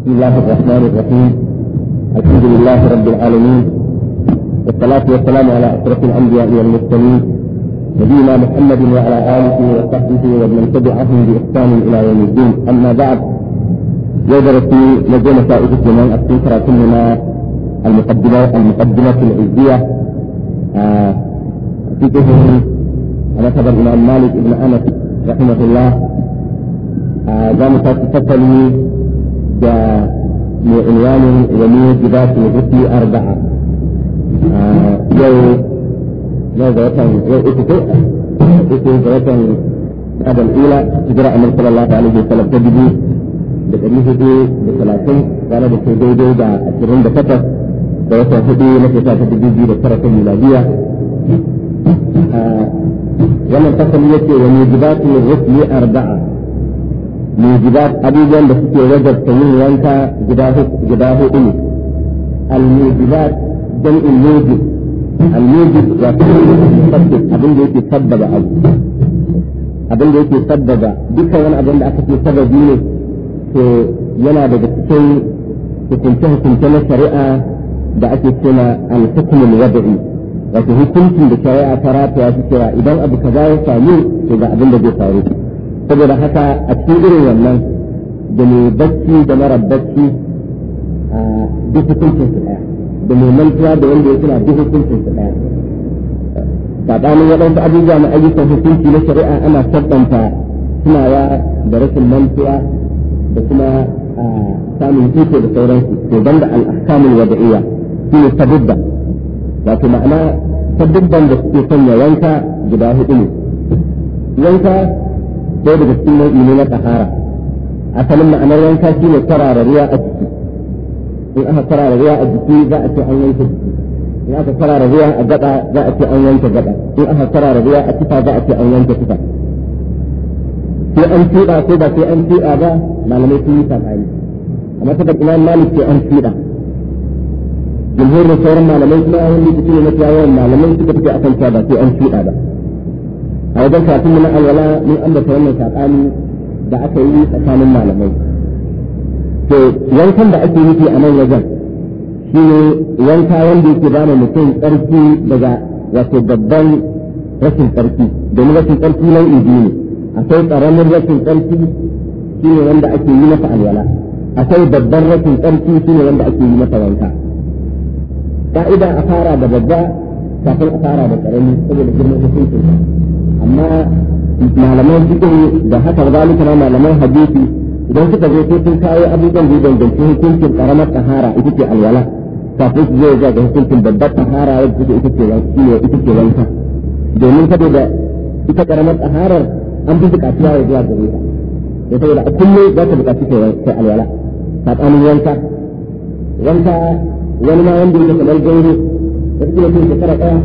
بسم الله الرحمن الرحيم الحمد لله رب العالمين والصلاة والسلام على أشرف الأنبياء والمرسلين نبينا محمد وعلى آله وصحبه ومن تبعهم بإحسان إلى يوم الدين أما بعد يدرسي لجنة فائدة من السنترة كلنا المقدمة المقدمة العزية آه، في كتبه على خبر الإمام مالك بن أنس رحمه الله قام آه da mai ilwanin wani gida su hutu arba'a yau na ga watan yau yake wani gida arba'a موجبات أبوجهل في وجب تنين وانتا جباه جباه إني الموجبات جمع الموجب الموجب وكل أبن ذي تسبب أو أبن ذي تسبب بك وانا أبن ذي تسبب منه في ينا بجسسي في كنته كنتنا شريعة بأسسنا الحكم الوضعي وفي هي كنتم بشريعة ترى في أسسنا إذا أبو كذا يفعلون إذا أبن ذي تسبب saboda haka a cikin irin wannan da mai bacci da mara bacci a duk hukuncin su ɗaya da mai mantuwa da wanda ya tuna duk hukuncin su ɗaya saɓanin waɗansu abubuwa na ayyukan hukunci na shari'a ana sabbanta tunawa da rashin mantuwa da kuma samun hutu da sauransu to banda al'ahkamul wada'iyya shi ne sabubba wato ma'ana sabidda da suke sanya wanka guda hudu ne wanka sai daga cikin nau'i ne na tahara asalin ma'anar wanka shi ne kwarara ruwa a jiki in aka kwarara ruwa a jiki za a ce an wanke jiki in aka kwarara ruwa a gaba za a ce an wanke gaba in aka kwarara ruwa a tufa za a ce an wanke tufa sai an tuɗa ko ba sai an tuɗa ba malamai sun yi tsakani amma ta imam malik sai an tuɗa jumhurin sauran malamai kuma an yi tafiya mafiya yawan malamai suka tafi akan cewa ba sai an tuɗa ba a wajen kafin na alwala mun da wannan sakani da aka yi tsakanin malamai to yankan da ake nufi a nan wajen shi ne yanka wanda yake ba mutum tsarki daga wato babban rashin tsarki domin rashin tsarki nan biyu ne akwai ƙaramin rashin tsarki shi ne wanda ake yi masa alwala akwai babban rashin tsarki shi ne wanda ake yi masa wanka ka'ida a fara da babba kafin a fara da ƙarami saboda girman hukuncin amma malaman fiqh da haka ba zalika ma malaman hadisi idan suka zo sai sun kawo abubuwan da ya danganci hukuncin karamar tahara ita ce alwala kafin su zai zuwa ga hukuncin babbar tahara wadda ita ce ita ce wanka domin saboda ita karamar taharar an fi bukatuwa ya zuwa gare ta ya saboda a kullum za ka bukaci kai alwala tsakanin wanka wanka wani ma wanda yake kamar gauru da suke yin shekara ɗaya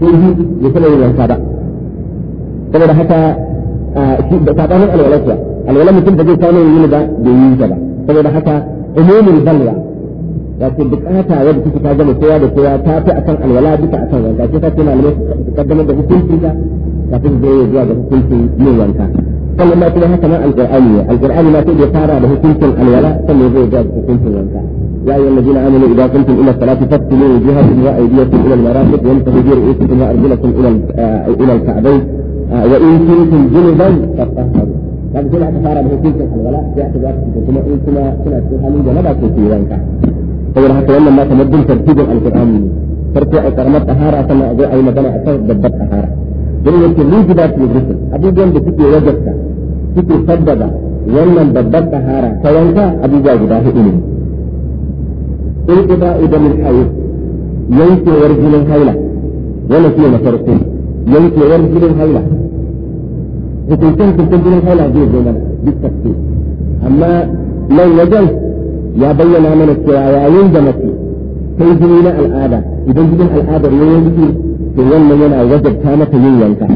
sai ya sanar wanka ba saboda haka da sabanin alwalatiya alwala mutum da zai samu yin da bai yi ta ba saboda haka umumin balwa wato bukata wadda take ta gama kowa da kowa ta fi akan alwala duka akan wanka sai ta ce malamai su kaddamar da hukuncin ta kafin zai yi zuwa ga hukuncin yin wanka sannan ma kuma haka nan alqur'ani ne alqur'ani ma sai da fara da hukuncin alwala sannan zai zuwa ga hukuncin wanka يا أيها الذين آمنوا إذا قمتم إلى الصلاة فاغسلوا وجوهكم وأيديكم إلى المرافق وامسحوا برؤوسكم وأرجلكم إلى الكعبين وإن كنتم جنبا فطهروا kaga sai aka fara da hukuncin alwala ya ta zaka ta kuma in kuma kuna cikin halin da ba ko ki wanka saboda haka wannan ma kamar bin tartibin alqur'ani ne farko a karamar tahara sannan a zo a yi magana a kan babbar tahara dan yake mujibat ne rusul abubuwan da suke wajabta suke sabbaba wannan babbar tahara ta wanka abubuwa guda hudu in yankewar jinin haila wannan na yankewar haila بتنتهي في الدنيا هنا هذه الدولة بالتكتيك أما لو وجدت يا بين عمل السواء ينجمت تنجم إلى الآباء إذا جدنا الآباء ينجم في يوم من وجد في يوم ينكح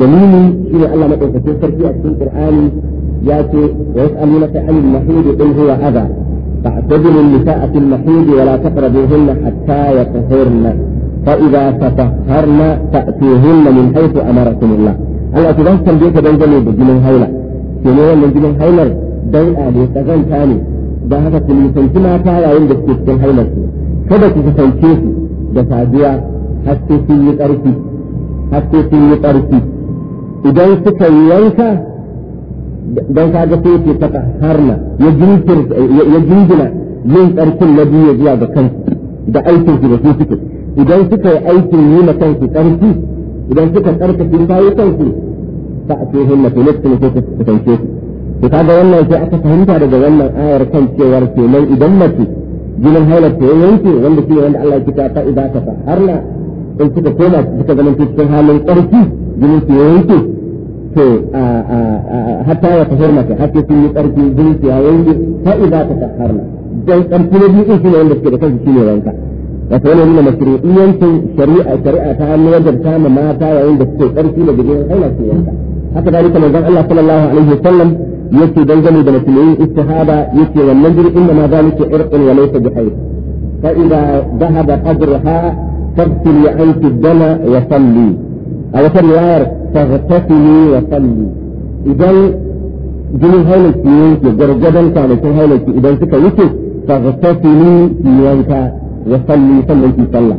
دليلي إلى الله ما تفسر في القرآن ياتي ويسألونك عن المحيض قل هو أذى فاعتزلوا النساء في المحيض ولا تقربوهن حتى يطهرن فإذا تطهرن فأتوهن من حيث أمركم الله Allah ta zan tambaye ka dangane da jinin haula, ke ne wannan jinin haular dan a ne kazanta ne don haka ku nisanci mata yayin da suke cikin haular su kada ku ke su da sabiya har sai sun yi ƙarfi har sai sun yi ƙarfi idan suka yi yanka don kaga sai ke ta harna ya jingina yin ƙarfin na biyu zuwa ga kansu da aikin su da su suke idan suka yi aikin nuna kansu ƙarfi idan suka ƙarfafi kayi kansu فأتيه هنا في نفس نفس تنسيك فتعد والله في أكثر فهمت على ذا والله آير كان شيء ورسي من إدمتي جينا هيلة في أنت وانت في عند الله كتابة إذا تفحرنا قلت كتابة بكذا من في السنها من قرسي جينا في أنت حتى يتحرمك حتى في مقرسي جينا في أنت فإذا تفحرنا جاي قمتنا بي إيه في عندك كده كان في وانت وكان هنا مشروعيا في شريعة شريعة تعالى وجب كان ما تعالى عندك في قرسي لجينا هيلة في وانت حتى ذلك من قال الله صلى الله عليه وسلم يأتي بنجم بن سليم استهابا يأتي والنجر إنما ذلك عرق وليس بحيث فإذا ذهب قدرها تغسل أنت الدم وصلي أو في الرواية تغتسلي وصلي إذا جنو هاي السنين يقدر جدا كان إذا انتك يسو تغتسلي سنينك وصلي صلي في صلى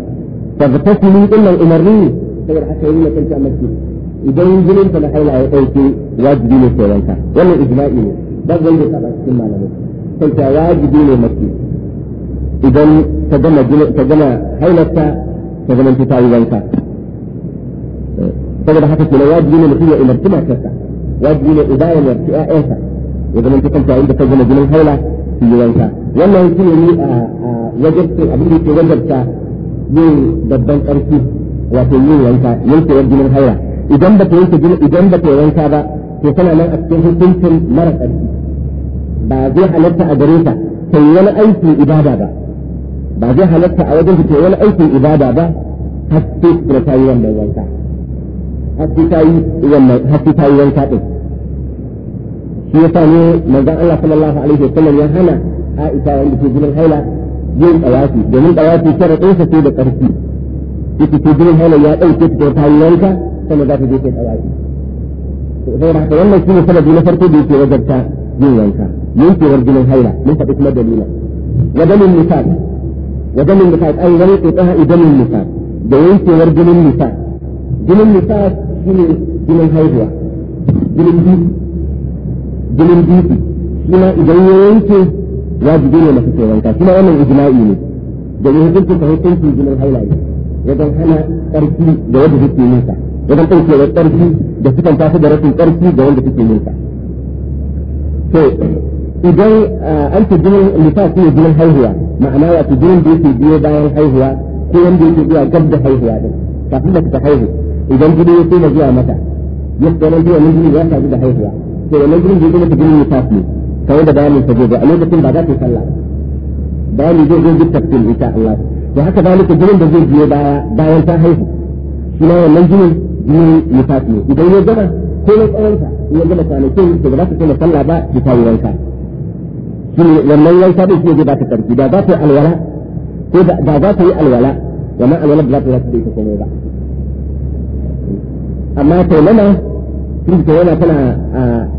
تغتسلي إلا الأمرين سيد حسنين كنت أمسكين idan jinin ta na haila ya dauke wajibi ne sai wanka wannan ijma'i ne ba zai yi saba cikin malamai sai ta wajibi ne mace idan ta gama ta gama hailarta ta zama ta yi wanka saboda haka kenan wajibi ne mutum ya umarci matarsa wajibi ne uba ya umarci ƴaƴansa ya zama ta kanta inda ta gama jinin haila su yi wanka wannan shi ne a wajabta abin da ke wajabta yin babban ƙarfi wato yin wanka yin koyar jinin haila idan ba ta yanke idan ba ta yanka ba to tana nan a cikin hukuncin mara ƙarfi ba zai halatta a gare ta ta yi wani aikin ibada ba ba zai halatta a wajen ta yi wani aikin ibada ba har sai ta ta yi wannan wanka har sai ta yi wannan har sai yi wanka din shi yasa ne manzon Allah sallallahu alaihi wasallam ya hana Aisha wanda ke jinin haila yin tsawafi domin tsawafi sharaɗin sa sai da ƙarfi ita ke jinin haila ya ɗauke ta ta yi wanka sannan za ta je ta tsawafi saboda haka wannan shine sanadi na farko da yake wajabta yin wanka yankewar jinin haila mun faɗi kuma dalilin wa damin nifaq wa damin nifaq ai wani qita'a idamin nifaq da yankewar jinin nifaq jinin nifaq shine jinin haihuwa jinin biyu jinin biyu kuma idan ya yanke wajibi ne masu wanka kuma wannan ijma'i ne da hukuncin ka hukuncin jinin haila ne wajen hana ƙarfi da wadda suke nisa wajen ɗauke da ƙarfi da sukan tafi da rashin ƙarfi ga wanda suke yin sa to idan eh, an ce jinin lissafi ne jinin haihuwa ma'ana ya wato jinin da yake biyo bayan haihuwa ko wanda yake zuwa gab da haihuwa ɗin, kafin da ta haihu idan jini ya na zuwa mata yadda nan biyu wannan jini ya sadu da haihuwa to wannan jinin da ya koma ta jinin lissafi kawai da bayanin ta gobe a lokacin ba za ta yi sallah ba. bayani zai zo duk tafsir insha Allah to haka zalika jinin da zai biyo baya bayan ta haihu shi ma wannan jinin ni misali ne idan ya gama ko na tsawonsa ya gama kwanakin da ba za ta kuma sallah ba ki ta yi wanka shi ne wannan wanka din shi ne zai ba ta karfi da za ta yi alwala ko da za ta yi alwala wannan alwala ba za ta yi ta komai ba amma taimama sun ta yana tana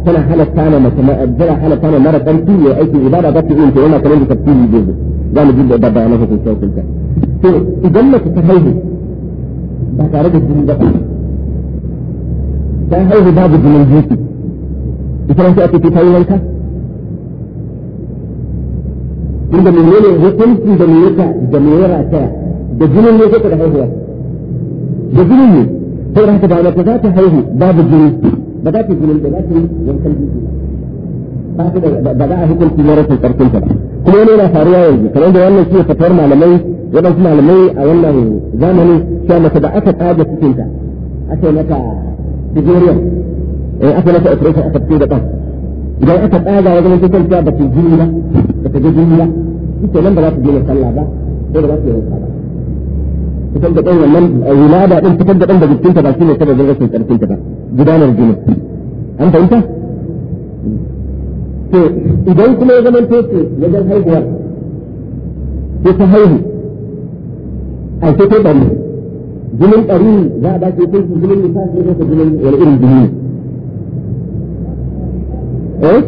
tana halatta na mace tana halatta na mara ƙarfi ne aikin ibada za ta yi ta yana kamar da tafsiri zai za mu ji da babba na hukunta hukunta to idan mace ta haihu ba tare da jini ba dan haihu babu jinin jiki ita ma sai a ce ta yi wanka inda ne hukunci da me yasa da me yara ta da jinin ne kake da haihuwa da jinin ne ta saboda ta da wata za ta haihu babu jini ba za ta yi jinin da za ta yi wankan jiki ba za a hukunci na rashin karfin ta ba kuma wani yana faruwa yanzu kamar da wannan shi fatawar malamai waɗansu malamai a wannan zamani cewa mace da aka tsaga cikinta aka yi mata Nigeria eh aka masa operation aka fito da ɗan idan aka tsaga ya zama kusan ba ta jini ba ba ta ga jini ba ita nan ba za ta je sallah ba sai ba za ta yi wanka ba fitar da ɗan wannan wulada ɗin fitar da ɗan da jikinta ba shi ne sababin rashin ƙarfinta ba gudanar jini an fahimta to idan kuma ya zama ya wajen haihuwa, sai ta haihu a sai ta bari جنون طويل جاء بعد يقول في جنون نفاس في هذا جنون والإن جنون ايه؟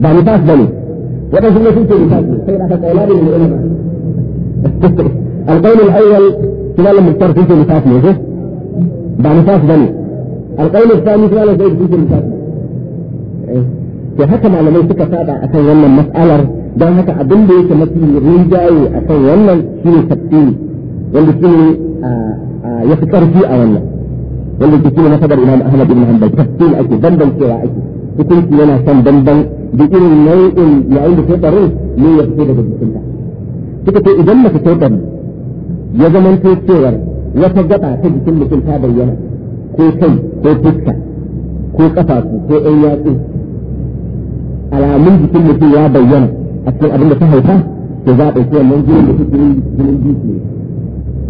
بعد نفاس بني وقال جنون في جنون نفاس سيرا فتولاني من الإنماء القول الأول في خلال المختار في جنون نفاس من هذا بعد نفاس بني القول الثاني خلال زيد في جنون نفاس ke haka malamai suka saba akan wannan mas'alar don haka abin da yake mafi rinjaye akan wannan shi ne tafsiri wanda shi ne ya fi ƙarfi a wannan wanda ke shine masabar imam ahmad ibn hanbal tafsir ake bambancewa ake hukunci yana son bamban da irin nau'in yayin da sai tsaro ne ya fito daga jikinta suka ce idan mace ta tsaro ya zamanto cewar wata gaba ta jikin mutum ta bayyana ko kai ko fuska ko kafafu ko ɗan yatsu alamun jikin mutum ya bayyana a cikin abin da ta haifa to za a ɗauki wannan jinin da suke jinin jiki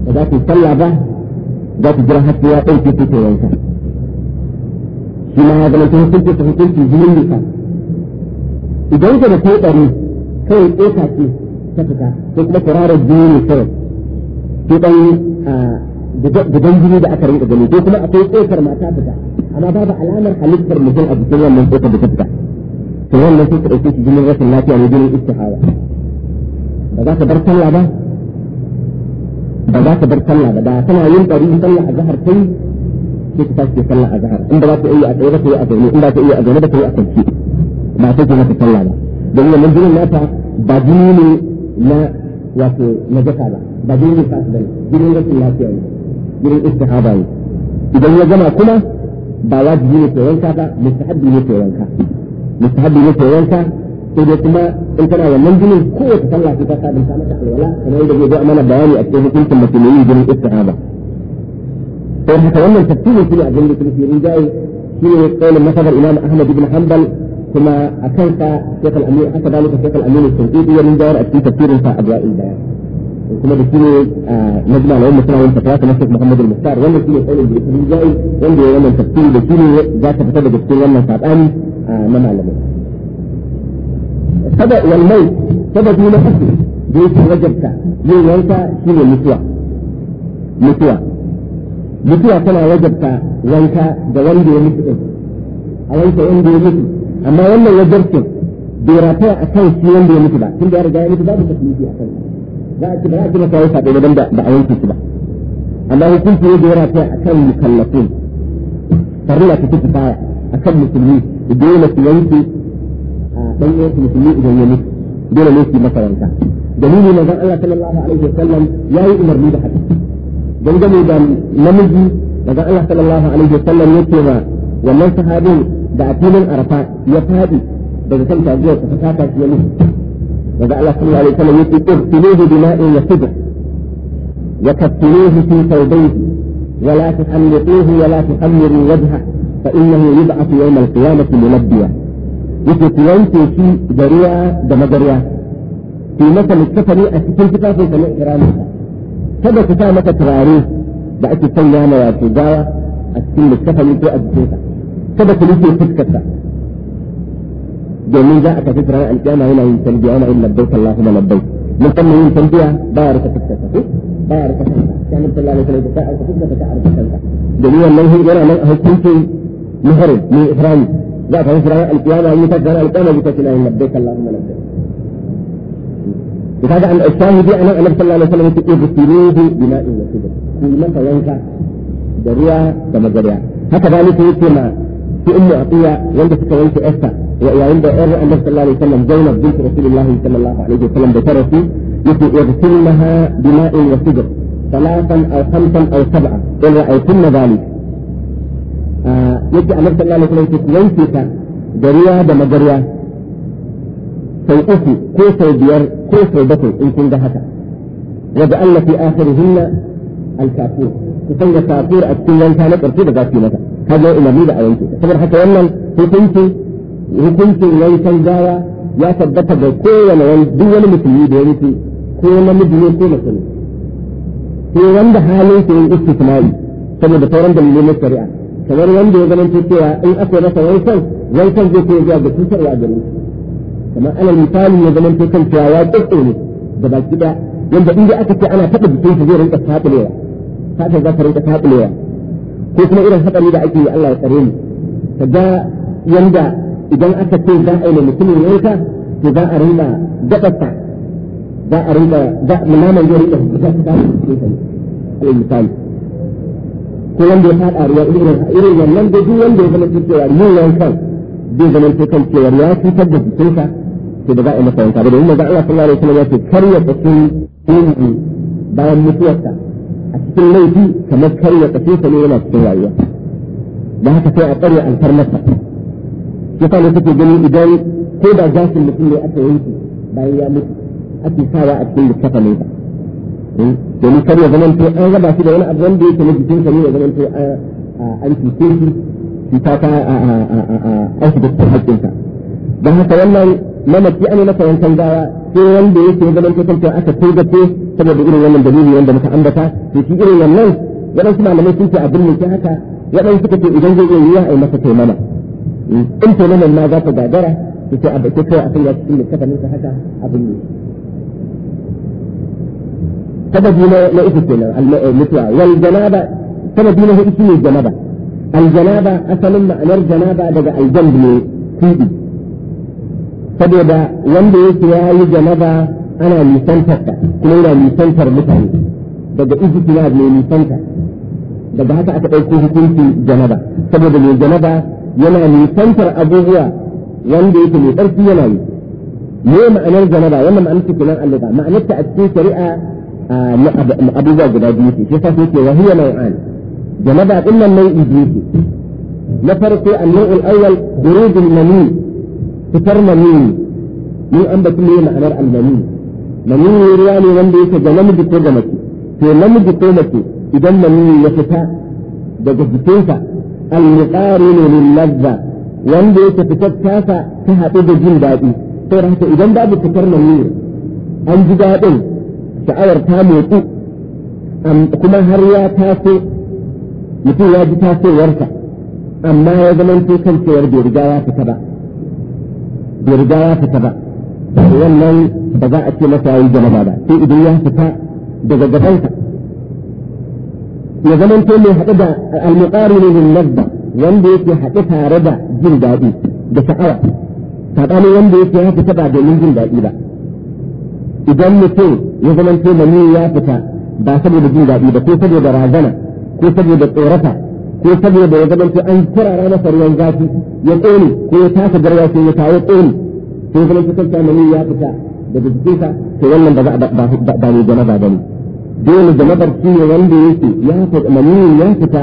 ba za ta yi sallah ba za ta jira hatta ya ɗauke ta ta yanka shi ma ya zama ta hukunci ta hukunci jinin nisa idan ka da kai ɗari kawai ɗoka ce ta fita ko kuma kurarar jini ne kawai ko ɗan gudan jini da aka rinka gani ko kuma akwai ɗokar mata fita amma babu alamar halittar mutum a jikin wannan ɗokar da ta fita to wannan sai ka ɗauke shi jinin rashin lafiya ne jinin istihawa ba za ka bar sallah ba ba za ka bar sallah ba da kana yin in sallah a zahar kai sai ka tashi sallah a zahar in ba za ka iya a tsaye ba sai a zaune in ba ka iya a zaune ba sai a kwance ba sai ka maka sallah ba don wannan jinin nata ba jini ne na wato na jaka ba ba jini ne fasu bane jinin rashin lafiya ne jinin istihaba ne idan ya gama kuma ba wajibi ne ta yanka ba mustahabi ne ta yanka mustahabi ne ta yanka sai dai kuma in kana wannan jinin kowace sallah sai ka sabunta mata alwala kamar yadda zai zo mana bayani a cikin hukuncin mace mai yin jinin istihaba sai haka wannan tafsirin shi ne abin da kuma yin jayi shi ne kaulin masabar imam ahmad ibn hanbal kuma a kansa shekul amir haka dalika shekul amir sulqiti ya rin jawar a cikin tafsirin sa adwa'il bayan kuma da shi ne najma lawan mutum wani fatawa ta nasir muhammad al-muhtar wannan shi ne kaulin da ya rin jayi wanda ya wannan tafsiri da shi ne za ta fita daga cikin wannan sabani na malamai kada walmai sababi na uku da yake wajabta yin wanka ne mutuwa mutuwa mutuwa tana wajabta wanka da wanda ya mutu ɗin a wanka wanda ya mutu amma wannan wajabcin bai rataya a kan shi wanda ya mutu ba tun da ya riga ya mutu babu mutu a kan za a ci ba za a ci masa wanka ɗaya da ba a wanke shi ba amma hukunci ne da ya rataya a kan mukallafin farilla ta fi kifaya a kan musulmi dole su yanke dan uwan musulmi idan ya mutu dole ne su masa wanka dalili manzon Allah sallallahu alaihi wasallam yayi umarni da haka dangane da namiji manzon Allah sallallahu alaihi wasallam yake ma wannan sahabin da a filin arafa ya fadi daga kan taguwar ta fata ta ya mutu manzon Allah sallallahu alaihi wasallam yake irtiluhu bima'in yasbur وكفنوه في ثوبيه ولا تحلقوه ولا تحمروا وجهه فإنه يبعث يوم القيامة ملبيا يجي تلوثي في دريا دم دريا في مثل السفني أسفل في طافي سمع كرامي كما تتامة تراري بعد تسوي أنا وأرسي جاوة أسفل السفني في أبسيطة كما تلوثي في الكثرة جميل ذا أكثر تراري أن كان هنا ينتنبي أنا إلا بيت الله ما لبيت من قبل ينتنبي بارك في الكثرة بارك في الكثرة كان الله عليه وسلم تعرف الكثرة جميل الله هنا من أهل سنتي مهرب من إفرامي لا تنسى القيامة أن يكفر القيامة بكفر لبيك اللهم لبيك لهذا أن الشاهد أنا النبي صلى الله عليه وسلم يقول اغسلوه بماء وسدر كل من ينفع دريا كما دريا هكذا كما في أم عطية وندس كونت أسا وعند أر النبي صلى الله عليه وسلم زينب بنت رسول الله صلى الله عليه وسلم بشرتي يقول يغسلنها بماء وسدر ثلاثا أو خمسا أو سبعة إن كل ذلك yadda annabi sallallahu alaihi wasallam yanke ta da da magariya sai uku ko sai biyar ko sai bakwai in kun ga haka wa Allah fi akhirihinna al-kafur ku sanya kafur a cikin yanka na karfi da za su yi mata kaga da ayyuka saboda haka wannan hukunci hukuncin yankan gawa ya tabbata ga kowane wani duk wani musulmi da ya mutu ko namiji ne ko mace ne ko wanda halin sa yin istisnai saboda sauran dalilai na shari'a kamar wanda ya ganin cewa in aka masa wankan wankan zai kai zuwa ga cutarwa a gare kamar alal misali ya ganin cewa ya tsotso ne da baki da yanda in dai aka ce ana taɓa jikin shi zai rinka taɓulewa fatan za ka rinka taɓulewa ko kuma irin haɗari da ake yi Allah ya tsare mu ka ga yanda idan aka ce za a yi mutumin yanka to za a rinka gaɓarsa za a rinka za naman zai rinka fita ta alal misali ko wanda ya faɗa ruwa irin irin wannan da duk wanda ya zama cewa yin yankan zai zama kan cewa ya fitar da jikinsa to da za a yi masa wanka da domin maza Allah sallallahu alaihi wasallam ya ce karya tsakin ilimi bayan mutuwarsa a cikin laifi kamar karya tsakin sa ne yana cikin rayuwa da haka sai a tsare alfar masa yasa ne suke gani idan ko da zafin mutum ne aka yanki bayan ya mutu ake sawa a cikin littafa ne ba Eh, domin kar ya zama to an raba shi da wani abu wanda yake na jikin sa ya zama to an cuce shi shi ta ta an shiga cikin haƙƙinsa don haka wannan mamaki an yi masa wankan gawa ko wanda yake zama to kanta aka togace saboda irin wannan dalili wanda muka ambata to shi irin wannan waɗansu malamai sun ce abin ne ke haka waɗansu suka ce idan zai iya yiwa a yi masa taimama eh, in taimaman ma za ta gagara to sai a bakin kawai a kan ya cikin littafin haka abin ne سبب ما ما اسمنا المتوى والجنابة سبب ما هو اسم الجنابة الجنابة أصل ما أنا الجنابة بقى الجنب لي فيه سبب وندي يا الجنابة أنا ميسنتر كنا أنا ميسنتر مثلا بقى إذا من أنا ميسنتر بقى هذا أتقول كل شيء في الجنابة سبب لي الجنابة ينا ميسنتر أبوه وندي في الأرض ينا يوم أنا الجنابة يوم أنا مسكنا الله ما أنت أتسي شريعة abubuwa guda biyu ce shi sasu ke wahiya nau'an janaba din nan nau'i biyu ce na farko annu'ul awwal burudul manin fitar manin ni an batu ne ma'anar al-manin ne ruwa ne wanda yake ga namiji ko ga mace to namiji ko mace idan manin ya fita daga jikinsa al ne lil ladha wanda yake fitar tasa ta haɗu da jin daɗi saboda haka idan babu fitar manin an ji daɗin sha'awar ta motsi kuma har ya taso mutum ya ji tasowarsa amma ya zamanto kan cewar bai riga ya fita ba bai riga ya fita ba wannan ba za a ce masa yayi janaba ba sai idan ya fita daga gabansa ya zamanto mai haɗe da al-muqarin lil ladda wanda yake haɗe tare da jin daɗi da sha'awa saɓanin wanda yake ya fita ba domin jin daɗi ba idan mutum ya zama ce mani ya fita ba saboda jin daɗi ba ko saboda razana ko saboda tsorata ko saboda ya zama ce an kirara masa ruwan zafi ya ƙone ko ya tasa garwa ko ya kawo ƙone ko ya zama ce kanta mani ya fita daga jikinsa to wannan ba za a ba ne janaba ba ne dole janabar shi ne wanda yake ya fita mani ya fita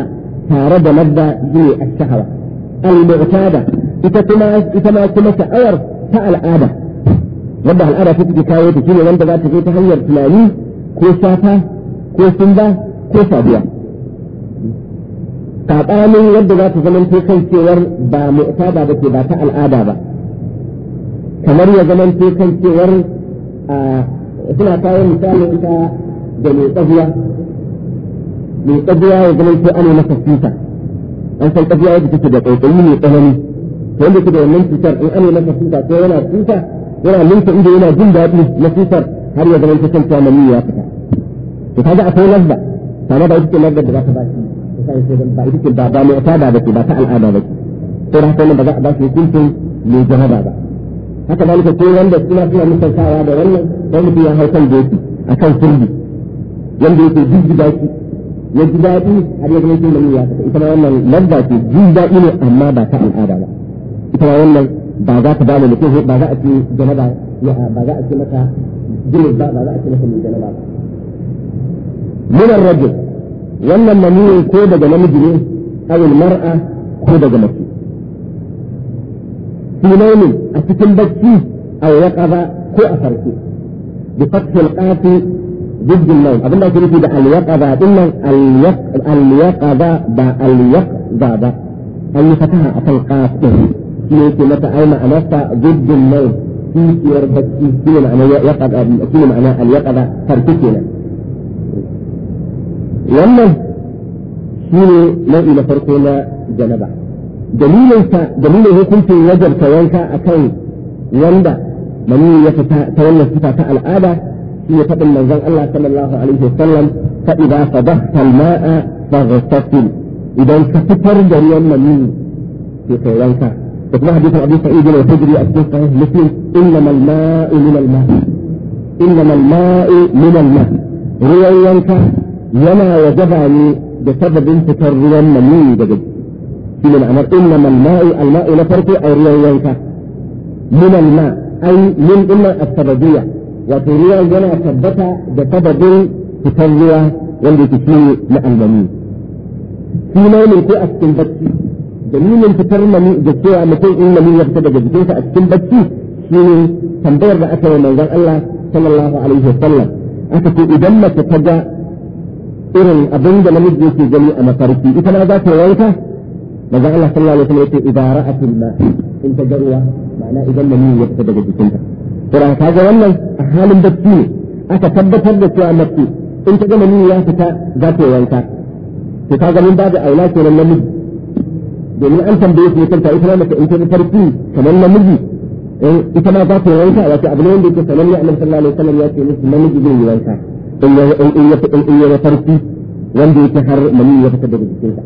tare da madda zai a shahawa al-mu'tada ita kuma ita ma kuma sha'awar ta al'ada wanda al'ada ta take kawo ta shine wanda za ta je ta hanyar tunani ko safa ko sumba ko sabuwa. saɓanin yadda za ta ta kan cewar ba mu'tada ba ke ba ta al'ada ba kamar ya ta kan cewar suna kawo misali ita da mai tsabuwa mai tsabuwa ya ta ana masa cuta an san tsabiya yadda take da ƙaiƙayi mai tsanani to wanda ke da wannan cutar in ana masa cuta ko yana cuta yana linta ido yana jin daɗi na sifar har ya zama na tsamani ya fita to kaga akwai lazza amma ba ita ce lazzar da za ka ba shi ba ita ce ba ba mai ba ce ba ta al'ada ba ce to da haka ba za a ba shi hukuncin mai jahaba ba haka ba ko wanda suna suna misaltawa da wannan wani mutum ya hau kan doki a kan sirri wanda yake jijjiga shi ya ji daɗi har ya zama cikin tsamani ya fita ita ma wannan lazza ce jin daɗi ne amma ba ta al'ada ba ita ma wannan بعضات بالو اللي تيجي بعضات في جنبا يا بعضات في مكان جل بعضات في مكان جنبا من الرجل ولا من يكون كودا جنبا جل أو المرأة كودا جنبا في نوم أتكلم بكي أو يقظة كو أفرك بفتح القاف ضد النوم أظن ما تريد بأن اليقظة إن اليقظة بأن اليقظة بأن اليقظة أن يفتح أتلقى فيه shi ne yake mata ai ma'anarsa jiddin mai kishiyar bacci shi ne ma'ana yaqada shi ne ma'ana al farki kenan wannan shi ne nau'i na farko na janaba dalilin dalilin hukuncin wajabta wanka akan wanda mani ya fita ta wannan sifa ta al'ada shi ne faɗin manzon Allah sallallahu alaihi wasallam fa idza fadahta al-ma'a faghtasil idan ka fitar da ruwan mani sai kai wanka وفي حديث ابي سعيد الخدري الثقه مثل انما الماء من الماء انما الماء من الماء رويا وما وجبني بسبب انتكار مني بجد في الامر انما الماء الماء او اي رويا من الماء اي من اما السببية وفي رويا ينا ثبت بسبب انتكار رويا والذي تسمي لأنظمين في نوم في أسكن dalilin fitar mani da cewa mutum in mani ya fita daga jikinsa a cikin bacci shine tambayar da aka yi manzon Allah sallallahu alaihi wasallam aka ce idan mace ta ga irin abin da namiji yake gani a mafarki ita ma za ta wanka manzon Allah sallallahu alaihi wasallam yace idan ra'atul ma in ta garwa ma'ana idan mani ya fita daga jikinta to ka ga wannan a halin bacci ne aka tabbatar da cewa mace in ta ga mani ya fita za ta wanka to ka ga min babu aula kenan namiji domin an tambaye su ne kanta ita ma mace in ta farki kamar namiji ita ma za ta yi wanka wato abu ne wanda yake sananne annabi sallallahu alaihi wasallam ya ce musu namiji zai yi wanka in ya in ya in ya farki wanda yake har mani ya fita daga jikinsa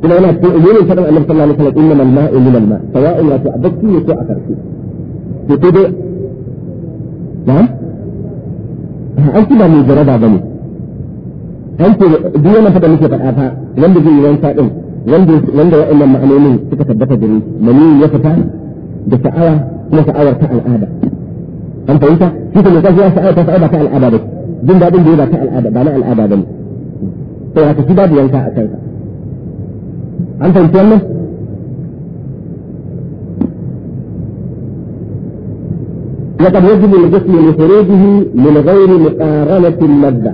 kuma yana cikin umumin faɗin annabi sallallahu alaihi wasallam innamal ma'u minal ma' sawa'un wato a bakki ne ko a farki to ko dai na'am an ci ba mai jaraba bane an ce duk wannan faɗa muke faɗa fa wanda zai yi wanka din wanda waɗannan ma'anoni suka tabbata da mani ya fita da sha'awa kuma sha'awar ta al'ada an fahimta shi ne kashi ya sha'awa ta sha'awa ta al'ada ba jin daɗin da ya ba ta al'ada ba na al'ada ba ne to haka shi babu yanka a kansa an fahimci wannan وقد يجب الغسل لخروجه من غير مقارنة اللذة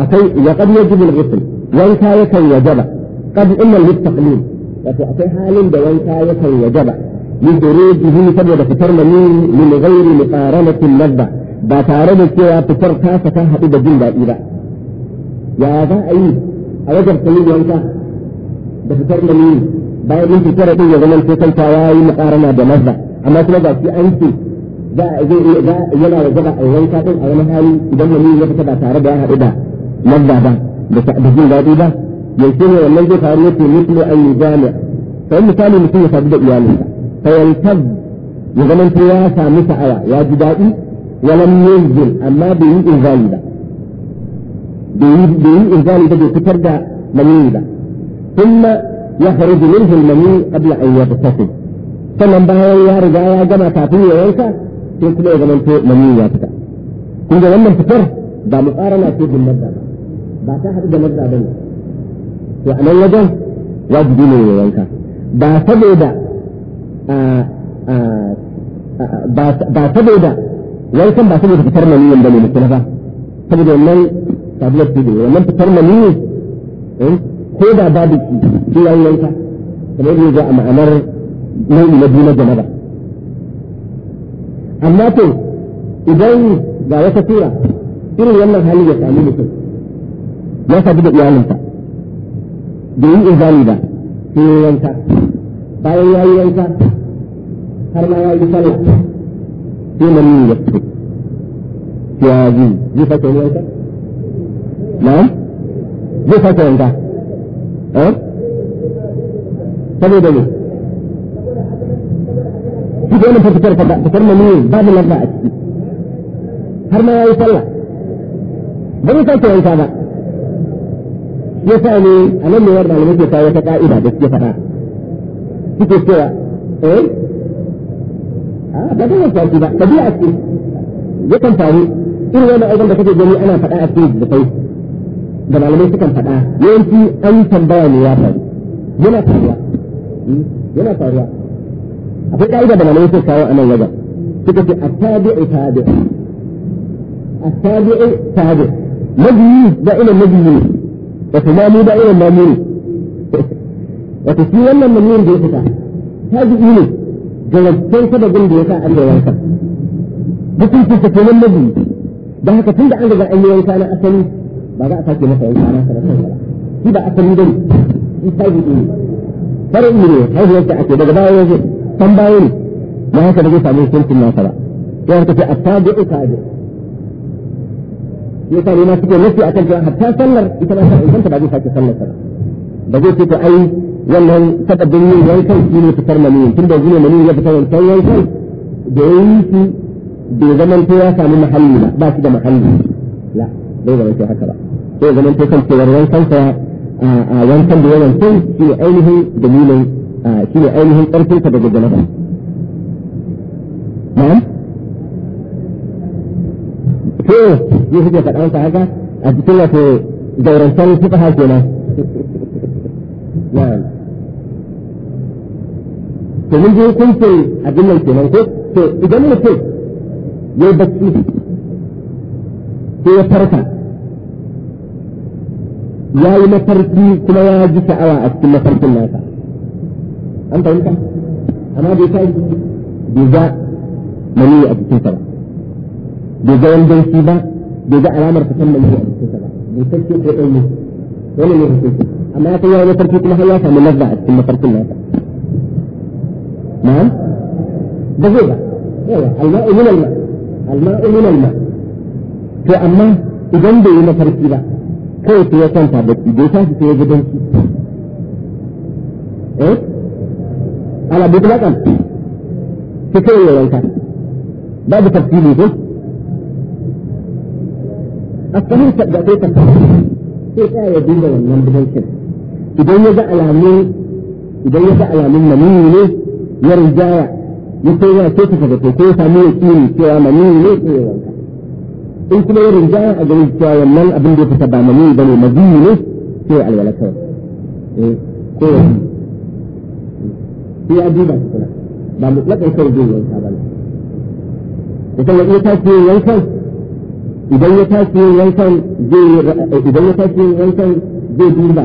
أكي وقد يجب الغسل وإن كان يجب قد إن للتقليل وفي أطيحة للدوان كاية وجبع لدريد هي تبدأ فتر من غير مقارنة النبع باتارد كيا فتر كاسة حبيب الدين بائرة يا ذا أي أوجب قليل وانتا بفتر من بائر من فتر أبي يغنان فتر كاية مقارنة بمزة أما تبدأ في أنت ذا ذا ذا يلا وجبع وانتا تبدأ أغنى هالي إذا من يفتر باتارد يا حبيب مزة ذا بفتر من بائرة يلتني والنجد فأنتي مثل أي جامع فإن كان مثل فبدأ يعني فيلتب يظن أنت واسع مسعلا يا جدائي ولم ينزل أما بيئ إنزال ده بيئ إنزال ده بيكتر ده مني ده ثم يخرج منه المني قبل أن يبتسم فمن بايا يا رجاء يا جماعة تعطيني يا ريسا تنسل إذا من فوق مني يا تتا كنت لما انتفر بمقارنة في المدى بعد أحد المدى بني to a wajen wajibi ne mai wanka ba saboda ba saboda wankan ba saboda fitar maniyin ne mutum ba saboda wannan tabular ce da wannan fitar maniyi eh, ko da babu ki ya yanka kamar yadda ga a ma'anar nau'i na biyu na jama'a amma to idan ga wata tura irin wannan hali ya sami mutum ya sabu da iyalinsa bai yi izali ba sai ya yanka bayan ya yi yanka har ma ya yi sallah sai manni ya fito ya ji zai sake yanka na'am zai sake yanka eh saboda ne duk wani fitar fitar manni babu lafiya a ciki har ma ya yi sallah ba zai yanka ba ya sa ne a nan ne wanda malamai ke wata ka'ida da suke faɗa suke cewa eh a ba da wata ba tabi'a ce kan faru irin wannan aiban da kake gani ana fada a cikin da kai da malamai sukan faɗa yawanci an tambaya ne ya faru yana faruwa hmm, yana faruwa akwai ka'ida da malamai suka kawo a nan wajen suka ce attabi'u a attabi'u tabi'u mabiyi da ina mabiyi wato mu ba irin mu ne wato shi wannan mamurin da ya fita ta ji ne gawabtan sababin da ya sa an da wanka hukuncin ta kenan mabi da haka tun da an riga an yi wanka na asali ba za a sake masa wanka na sanar da shi ba asali bane shi ta ji ne farin ne haihuwar ta ake daga baya yanzu san bayo ne na haka da zai samu hukuncin nasa ba ya haka ce a tabi'u tabi'u yasa ne ma suke nufi akan cewa hatta sallar ita ma ta inganta ba zai sake sallar ta ba zai ce to ai wannan sababin yin yankan shi ne fitar maniyin tun yanzu ne maniyin ya fitar wancan yankan da ya yi shi bai zaman to ya samu mahalli ba ba shi da mahalli la bai zama to haka ba bai zaman to kan cewar yankan sa a yankan da yawan kai shi ne ainihin dalilin shi ne ainihin ƙarfinsa daga jama'a. Na'am? ko eh, ya suke faɗan sa haka a cikin wato gaurantar suka hake nan to mun je hukuncin abin nan kenan ko to idan mutum ya yi bacci sai ya farka ya yi mafarki kuma ya ji sha'awa a cikin mafarkin nasa an fahimta amma bai ta bai za mani a cikin sa ba bai ga wani danshi ba bai ga alamar fitan mai yi a cikinsa ba bai sarki ko ɗan ne wani ne hukunci amma ya kai wani farki kuma har ya samu lazza a cikin mafarkin nasa na'am ba zai ba yawa alma'u min alma alma'u min alma to amma idan bai yi mafarki ba kawai sai ya kwanta bacci bai tashi sai ya ga danshi eh ala bi kuma kan sai kawai ya wanka babu tafsiri ko a sanin da zai ta sai ta ya duba wannan bidancin idan ya ga alamun idan ya ga alamun manini ne ya rinjaya ya sai ya ce ta da ko ya samu ya kiri cewa manini ne ko ya wanka in kuma ya rinjaya a ganin cewa wannan abin da ya fita ba manini bane madini ne ko ya alwala kawai eh, ko ya sai ya duba su ba mutlaƙar kawai zai wanka ba ne. Ita ya iya tashi wankan idan ya tashi yin wankan zai idan ya tashi yin wankan zai duba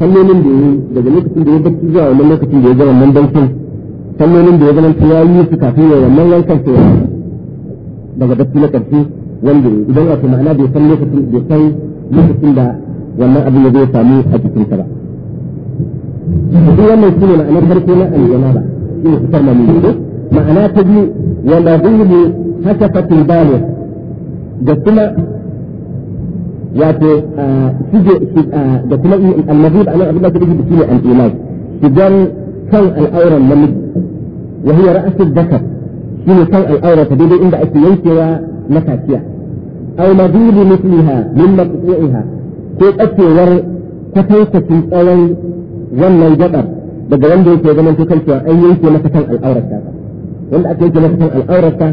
sallolin da yi daga lokacin da ya bacci zuwa wannan lokacin da ya zama nan bankin sallolin da ya zama ta ya yi su kafin ya wannan yankan sai daga bacci na karshe wanda idan wato ma'ana bai san lokacin da san lokacin da wannan abin ya zai sami a cikin ba. Duk wannan shi ne ma'anar farko na aljanna ba. Shi ne fitar Ma'ana ta biyu wanda zai yi hasafatul balir da kuma wato ah, shige ah, da kuma al-maghrib ana abin da take da shine al-ilaj shigar kan al'auran namiji wa hiya ra'su dhakar shine kan al'aura ta dai inda ake yankewa na kaciya aw maghrib mithliha min maqti'iha ko tsakewar kwatankwacin tsawon wannan gabar daga wanda yake ganin ko kan cewa an yanke masa kan al'aurar ta wanda ake yanke masa kan al'aurar ta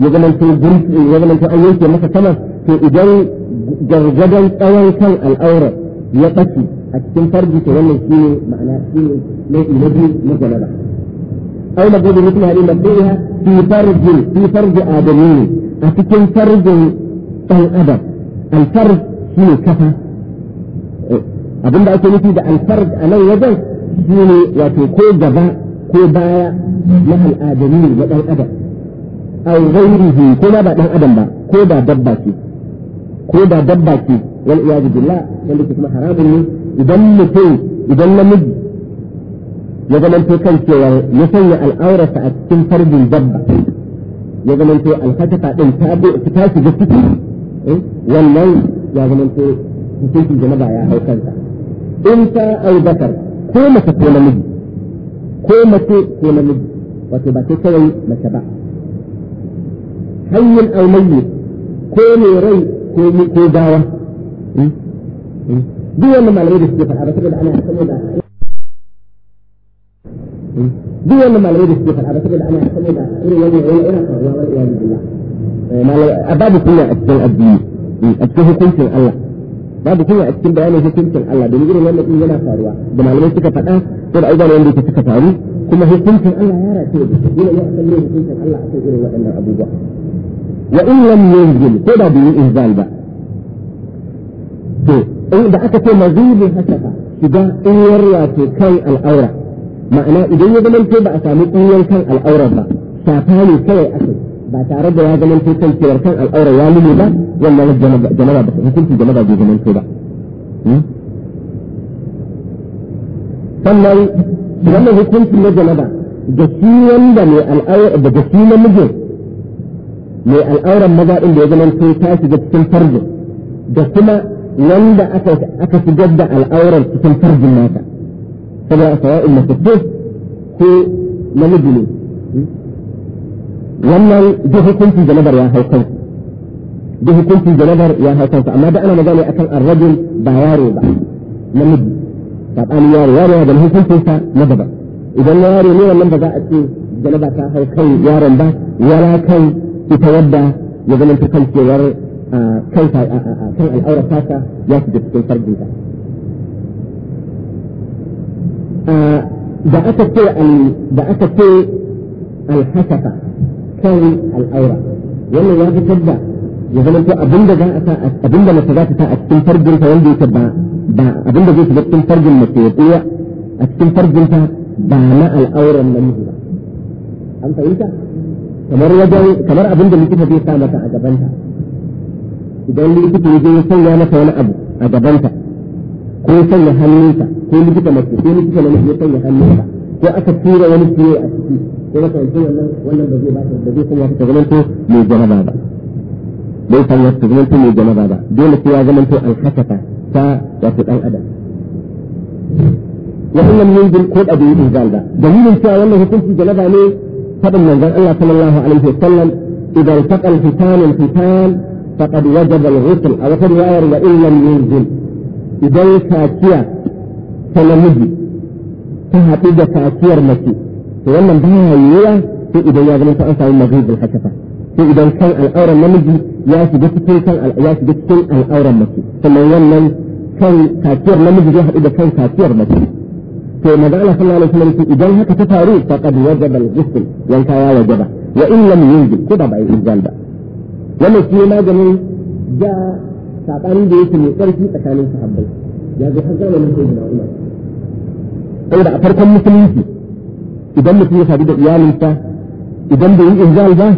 ya zamanto ya zamanto an yanke masa saman to idan gargadan tsawon kan al'aurar ya ɓace a cikin farji to wannan shi ne ma'ana shi ne nau'i na biyu na janaba أو مجد مثل هذه مبدئها في فرج في فرج آدمي أتكن فرج الأدب الفرج شنو كفى abin da ake nufi da alfarj a nan wajen shi ne wato ko gaba ko baya na al'adami na ɗan adam aw ghairihi kuma ba dan adam ba ko da dabba ce ko da dabba ce wal iyad billah wanda kuma haramun ne idan mutum idan namiji ya zamanto kan cewa ya sanya al'aurarsa a cikin farjin dabba ya zamanto alhataka din ta ta shiga ciki eh, wannan ya zama zamanto hukuncin jama'a ya hau kansa in ta aibakar ko mace ko namiji ko mace ko namiji wato ba kai kawai mace ba hayyin aw mayyit ko mai rai ko ko gawa hmm? Hmm? duk wannan malamai da suke faɗa ba saboda ana saboda hmm? duk wannan da suke faɗa ba saboda ana saboda faruwa wani iyali billah eh, a babu kunya a cikin addini a cikin hukuncin Allah babu kunya a cikin bayanin hukuncin Allah domin irin wannan yana faruwa da malamai suka faɗa ko da abubuwan wanda suka faru ثم هي قلت انا يا رسول الى يحصل لي قلت الله عسى الى وان ابو بكر وان لم ينزل كده بيهزال بقى ان بقى كده مزيد هكذا شجاع ان يروى في كي الاورى معناه اذا يجب ان تبقى تعمل ان يروى كي الاورى بقى شافاني كي اكل بعد عرب يا زمن في كي يروى كي الاورى يا لولي بقى يلا جمالا بقى يكون في جمالا بزمن كده ثم wannan hukunci na janaba da sunan da mai al'aura da shi mijin mai al'auran maza din da ya zama sai ta shiga cikin farjin da kuma wanda aka aka shigar da al'auran cikin farjin nata saboda sawa'in mace ce ko namiji ne wannan duk hukuncin janabar ya hau kansa duk hukuncin janabar ya hau kansa amma da ana magana akan arrajul ba yaro ba namiji طب أنا ياري ياري هذا هو كل شيء نبض إذا ياري ليه لم بدأت جلبك أو كي يا رب ولا كي يتودى يظن أنت كنت يار كيف كي الأورا كاسة يسجد في الفرق ده دعتك دعتك الحسفة كي الأورا ولا ياري تبدأ يظن أنت أبندا جاءت أبندا متجاتها أتنفرج الفرق ده ba abin da zai shiga cikin farjin mace ya tsoya a cikin farjinta ba na al'auran namiji ba an fahimta kamar wajen kamar abin da likita zai sa mata a gabanta idan likita ya je ya sanya mata wani abu a gabanta ko ya sanya hannunsa ko likita mace ko likita namiji ya sanya hannunsa ko aka tura wani ciwo a ciki ko maka yanzu wannan wannan ba zai ba da zai sanya ta zamanto mai jaraba ba zai sanya ta zamanto mai jaraba ba dole sai ya zamanto alhakata ta wato dan adam wannan yanzu ko da bai yi ba dalilin cewa wannan hukunci jalaba ne fadin manzon Allah sallallahu alaihi Sallam idan taqal fitan fitan faqad wajaba al-ghusl aw qad ya'ar wa in lam yanzil idan kaciya ta namiji ta haɗu da kaciyar mace to wannan ba ya yiwuwa sai idan ya zama ta an samu maghrib al-hakafa sai idan kan al'aurar namiji ya shiga cikin kan ya shiga cikin al'auran mace kuma wannan kan kafiyar namiji zai haɗu da kan kafiyar mace to maza Allah sallallahu alaihi wasallam idan haka ta faru faqad wajaba al-ghusl yanka ya wajaba wa in lam yunzil ko da ba inzal ba wannan shi maganin da sabanin da yake mai tsarki tsakanin sahabbai ya zo har zamanin sayyidina Umar da a farkon musulunci idan mutum ya sadu da iyalinsa idan bai yi inzal ba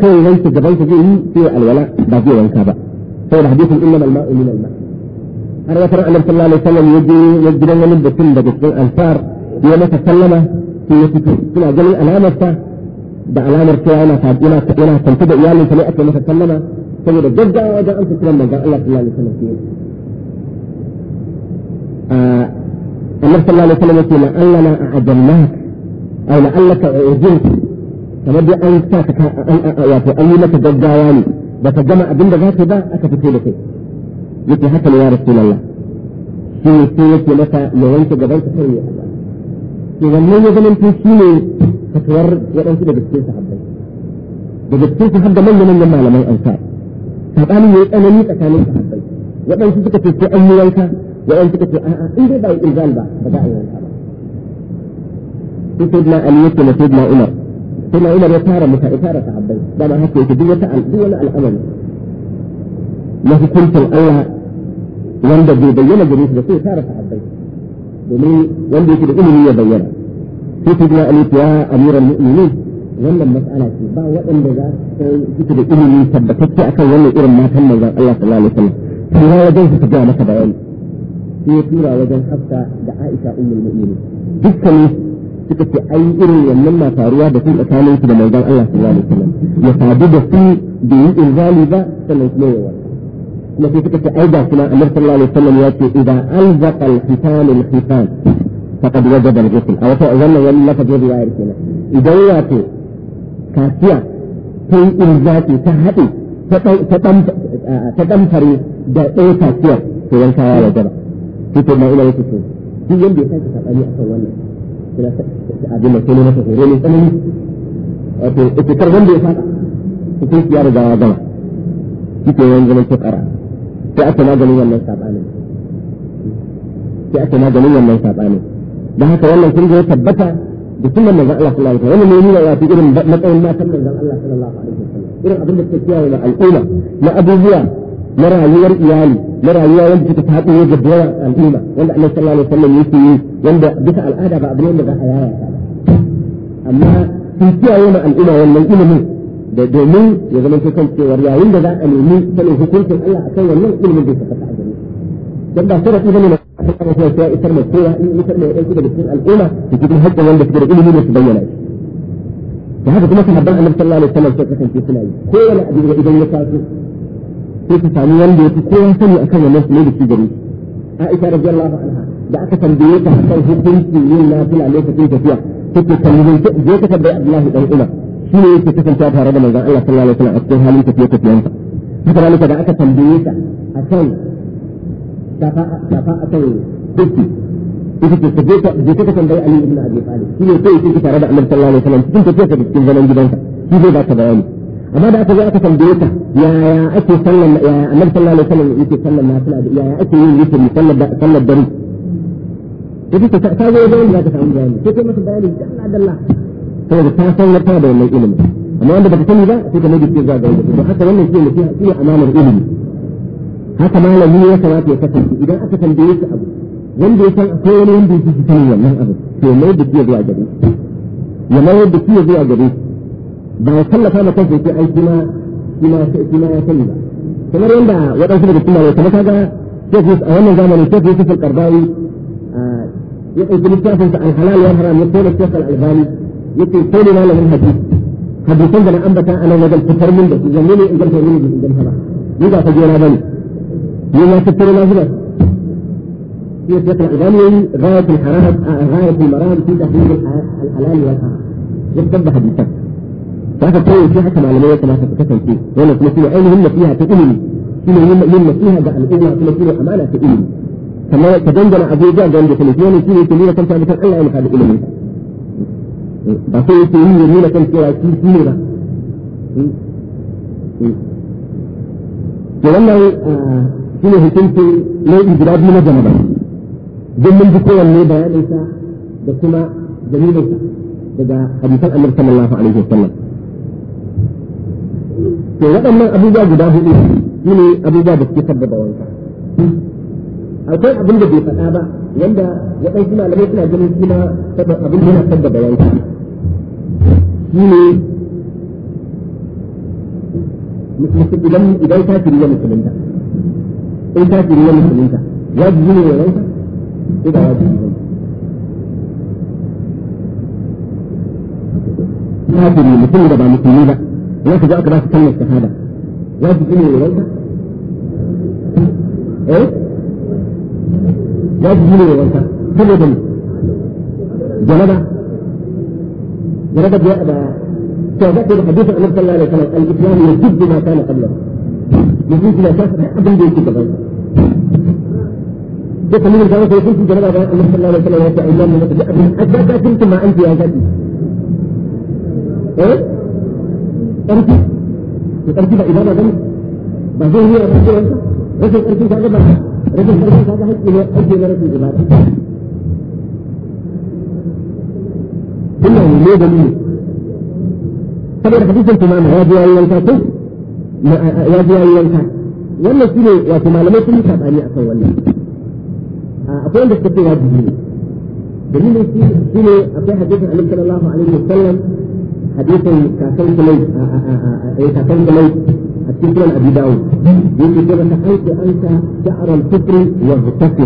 كان ليس جبلت به في الولاء بعضي والكابة فهو حديث إنما الماء من الماء أنا أترى أن صلى الله عليه وسلم يجي يجد أن يلد كل دقيق الأنصار يوم تسلم في يسكر كنا جميع انا أفتا بألان ارتوى أنا فادينا فادينا فانتبع يالي سمعة يوم تسلم سيدة جدا وجاء أنت كلام من قال الله صلى الله عليه وسلم فيه النبي صلى الله عليه وسلم يقول لعلنا أعجلناك أو لعلك أعجلت kamar dai an sa ka an wato an yi maka gaggawa ne ba ka gama abin da za ka ba aka fito da kai yake haka ne ya rasulullah shi ne sai yake masa ya wanke gaban ka sai ya ke wannan ya zama tun shi ne fatuwar ya waɗansu daga cikin sahabbai daga cikin sahabbai manyan manyan malaman ansar saɓanin ya yi tsanani tsakanin sahabbai waɗansu suka ce sai an yi wanka ya waɗansu suka ce a'a in dai ba yi ilzal ba ba za a yi wanka ba sai sayyidina ali yake na sayyidina umar ثم إلى إثارة مثا إثارة عبدي بما هك يكدية عن دول الأمن ما في كل الأولى وند بيبين جريس بس إثارة عبدي بني وند يكد أمي يبين في تجنا الإتياء أمير المؤمنين وند مسألة با وإن بذا في تجنا أمي يثبتك أكا وند إرم ما تم الله صلى الله عليه وسلم في رأي جيس تجنا مكبعين في تجنا وجن حفظة دعائشة أم المؤمنين جسمي suka ce ai irin wannan na faruwa da su tsakanin su da manzon Allah sallallahu alaihi wasallam ya sadu da su da yi inzali ba sannan kuma ya kuma sai suka ce ai ga kuma Annabi sallallahu alaihi wasallam ya ce idan alzaqa al-khitan faqad wajada al a wannan wani lafazi da ya idan ya ce kafiya ta yi inzati ta haɗe ta ɗamfare da ɗaya kafiyar to yanka ya wajaba. Fito na ina yake so. Duk yadda ya sake saɓani a wannan. kira abin da kuma masa horo ne tsanani wato ikikar wanda ya fada hukunci ya riga ya gama shi ke yawan zaman kekara sai aka maganin wannan saɓanin sai aka maganin wannan saɓanin da haka wannan sun ya tabbata da sunan manzon Allah sallallahu alaihi wasallam wannan ne ya wato irin matsayin matan manzon Allah sallallahu alaihi wasallam irin abin da suke kiyaye na al'umma na abubuwa مرة عليهم يعني مرة عليهم يجب تتحدث يجب دواء الإيمة وانا أنا صلى الله عليه وسلم يسي وانا دفع الآدى بعد يوم بغا حياة أما في كي أيام الإيمة وانا الإيمة مو دومي يظل أن تكون في ورياهين بذا أن يمي فلو هكين في الله أكي وانا الإيمة مو بيسا قطع جميل جمع صورة إذا لما أفضل في الشيء إسر مكتوة إسر مكتوة إسر مكتوة إسر مكتوة إسر مكتوة إسر مكتوة فهذا كما في حبان النبي صلى الله عليه وسلم في قصة في سنة هو لا أدري إذا sai ka sami wanda ya fi kowa sani akan wannan su ne da shi gari Aisha radiyallahu anha da aka tambaye ta akan hukuncin yin nafila lokacin tafiya take je ka tambaye dan ne yake tare da manzon Allah sallallahu alaihi wasallam a cikin halin tafiye tafiyansa haka da aka tambaye ta akan shafa shafa akan hukunci ita ce ka je je ka tambaye Ali ibn Abi Talib shi sai yake tare da Annabi sallallahu alaihi wasallam cikin tafiyarsa cikin zaman gidansa shi zai ba ka bayani amma da aka zo aka tambaye ta yaya ake sallar yaya annabi sallallahu alaihi wasallam yake sallar nafila da yaya ake yin yake sallar sallar dare yake ta ta zo da wanda ta samu bayani sai kai masa bayani dalla dalla saboda ta san wata da wannan ilimi amma wanda baka sani ba sai ka mai zuwa ga wanda haka wannan shi ne a amanar ilimi haka malami ya kamata ya kasance idan aka tambaye shi abu wanda ya san akwai wani wanda ya ji sanin wannan abu to mai dike a gare ya mai dike zuwa gare shi ba ya tallafa ma kansa sai ai kima kima kima ya sani ba kamar yanda waɗansu daga cikin malamai kamar kaga Sheikh a wannan zamanin Sheikh Yusuf Al-Qardawi ya ɗauki littafin sa al-halal wal haram ya tona Sheikh Al-Albani yake tona malamin hadisi hadisan da na ambata a nan wajen fitar min da su zanne ne in garfa min da in garfa ba ni ba ta jera bane ni ya fitar na zuba في الشيخ الألباني غاية الحرام غاية المرام في تحليل الحلال والحرام يتبع حديثك فهذا كل في حتى معلمية كما تتكلم فيه في تمثيل عين هم فيها تؤمن أمم؟ فيما يم فيها ده في تمثيل أمانة تؤمن أمم. كما تجندنا يعني عزيزا أمم، آه، جنب تمثيل فيه تمثيل كم تعمل أن لا يمكن إلمي بقي تؤمن يمين كم تعمل تمثيل لأنه فيه هتمت لا إجراب من الجنبة جمل بكوة من بيان إيسا جميلة جميل إيسا daga صلى الله عليه وسلم to waɗannan abubuwa guda hudu su ne abubuwa da suke tabbata wanka akwai abin da bai faɗa ba wanda waɗansu malamai suna ganin shi ma abin da yana tabbata wanka shi ne idan idan kafiri ya musulunta in kafiri ya musulunta wajibi ne ya wanka ita wajibi ne kafiri mutum da ba musulmi ba za ka zo aka ba su kalmar shahada za su iya yawanka eh za su iya yawanka saboda jalaba jalaba da تعبت الحديث عن صلى الله عليه وسلم الاسلام يجد ما كان قبله يجد ما كان قبل بيت قبل ده كمان الجواب يقول في جناب النبي صلى الله عليه وسلم يا ايام من اجدادكم ما انت يا جدي ايه ƙarfi to ƙarfi ba ibada bane ba zai yi abin da yanka rashin ƙarfi ka ga ba rashin ƙarfi ka ga haƙƙi ne haƙƙi ne rashin ibada ina ne dalili saboda hadisin imam ya ji yayin yanka ko ya ji yayin yanka wannan shine wato malamai sun yi sabani akan wannan akwai wanda suka ce wajibi ne dalilin shi shine akwai hadisin annabi sallallahu alaihi wasallam hadisin kakan kulai eh, kakan a cikin abi dawo yake ce maka aiki an ka sha'ar al-fitri wa zakafi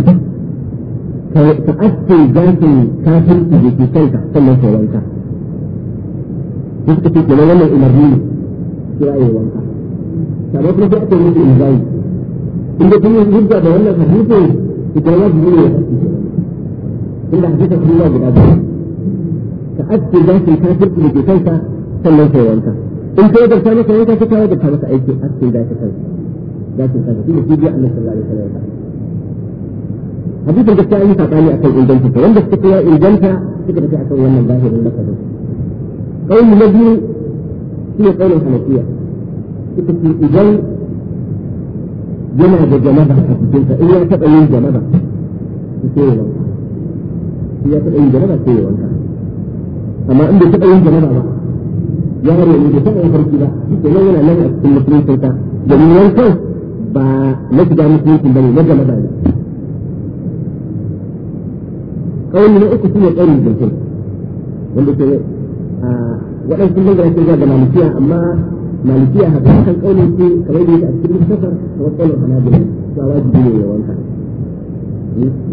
ka aske zafin kafin ki da kanka sannan ka wanka suka ce kenan wannan umarni ne kira yi wanka tare kuma sai aka yi musu ilzami inda kun yi wannan ya guda biyu ka aske gashin kafirci da ke kanka sannan kai wanka in kai da kana kai ka kai da ka aiki aske gashin kanka gashin kanka shi ne a Allah sallallahu alaihi wasallam hadisin gaskiya an yi sabani kan inganta ta wanda suka ya inganta suka tafi kan wannan zahirin lafazin kauli na biyu shi ne kaulin hanafiya suka ce idan yana da janaba a ka in ya taɓa yin janaba sai ya wanka ya taɓa yin janaba sai ya wanka amma in bai taɓa yin janaba ba ya har yanzu bai taɓa yin farki ba shi nan yana nan a cikin musulunci ta domin wankan ba na shiga musulunci ba ne na ba ne ƙauni na uku shine da jirgin wanda ke waɗansu dangana sun ga malikiya amma malikiya haka kan ƙaunin su kamar da yake a cikin safar kamar ƙaunin hanabila ba wajibi ne ya wanka hmm?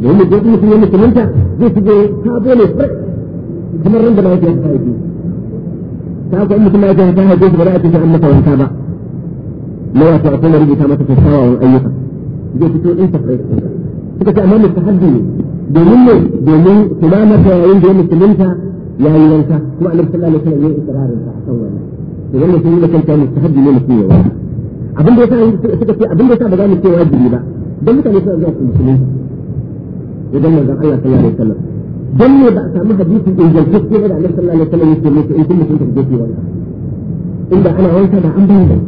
domin mutum ɗin musulunta zai shigo sabo fara kamar ran da ma yake ta haifi ta kuwa mutum ma yake ta ba za a ce shi an masa wanka ba na wato akwai na rubuta masa kyakkyawan ayyuka zai fito ɗin sa fara suka ce amma mustahabbi ne domin ne domin kula masa yayin da ya musulunta ya yi wanka kuma annabi sallallahu alaihi wasallam ya yi ikrarin sa akan wannan to wannan sun yi da kanta mustahabbi ne mutum wanka abin da da yasa ba za mu ce wajibi ba dan mutane suna zuwa su wajen manzon Allah sallallahu alaihi wasallam dan ne ba a samu hadisi ingantacce ba da Annabi sallallahu alaihi wasallam yake musu in mutum da yake inda ana wanka da an bayyana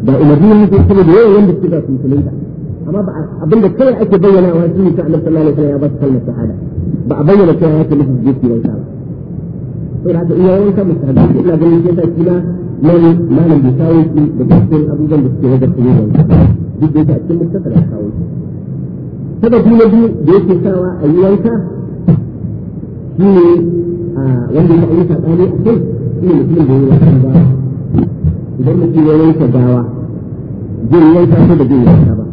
da umarni ne sai saboda yawan wanda suke da musulmai da amma ba abinda kai ake bayyana wa shi ne ta Annabi sallallahu alaihi wasallam ya ba su kalmar shahada ba a bayyana cewa yake musu da yake wanka ba sai da iya wanka musu ina ganin yadda shi nan malam bai kawo shi da cikin abubuwan da suke wajen kuma wanka duk da yake a cikin mutakar kawo shi sababi na biyu da yake sawa a yi wanka shi ne wanda ya yi saɓani a kai shi ne mutum da ya yi wanka gawa idan mutum ya wanka dawa zai yi wanka ko da zai yi wanka ba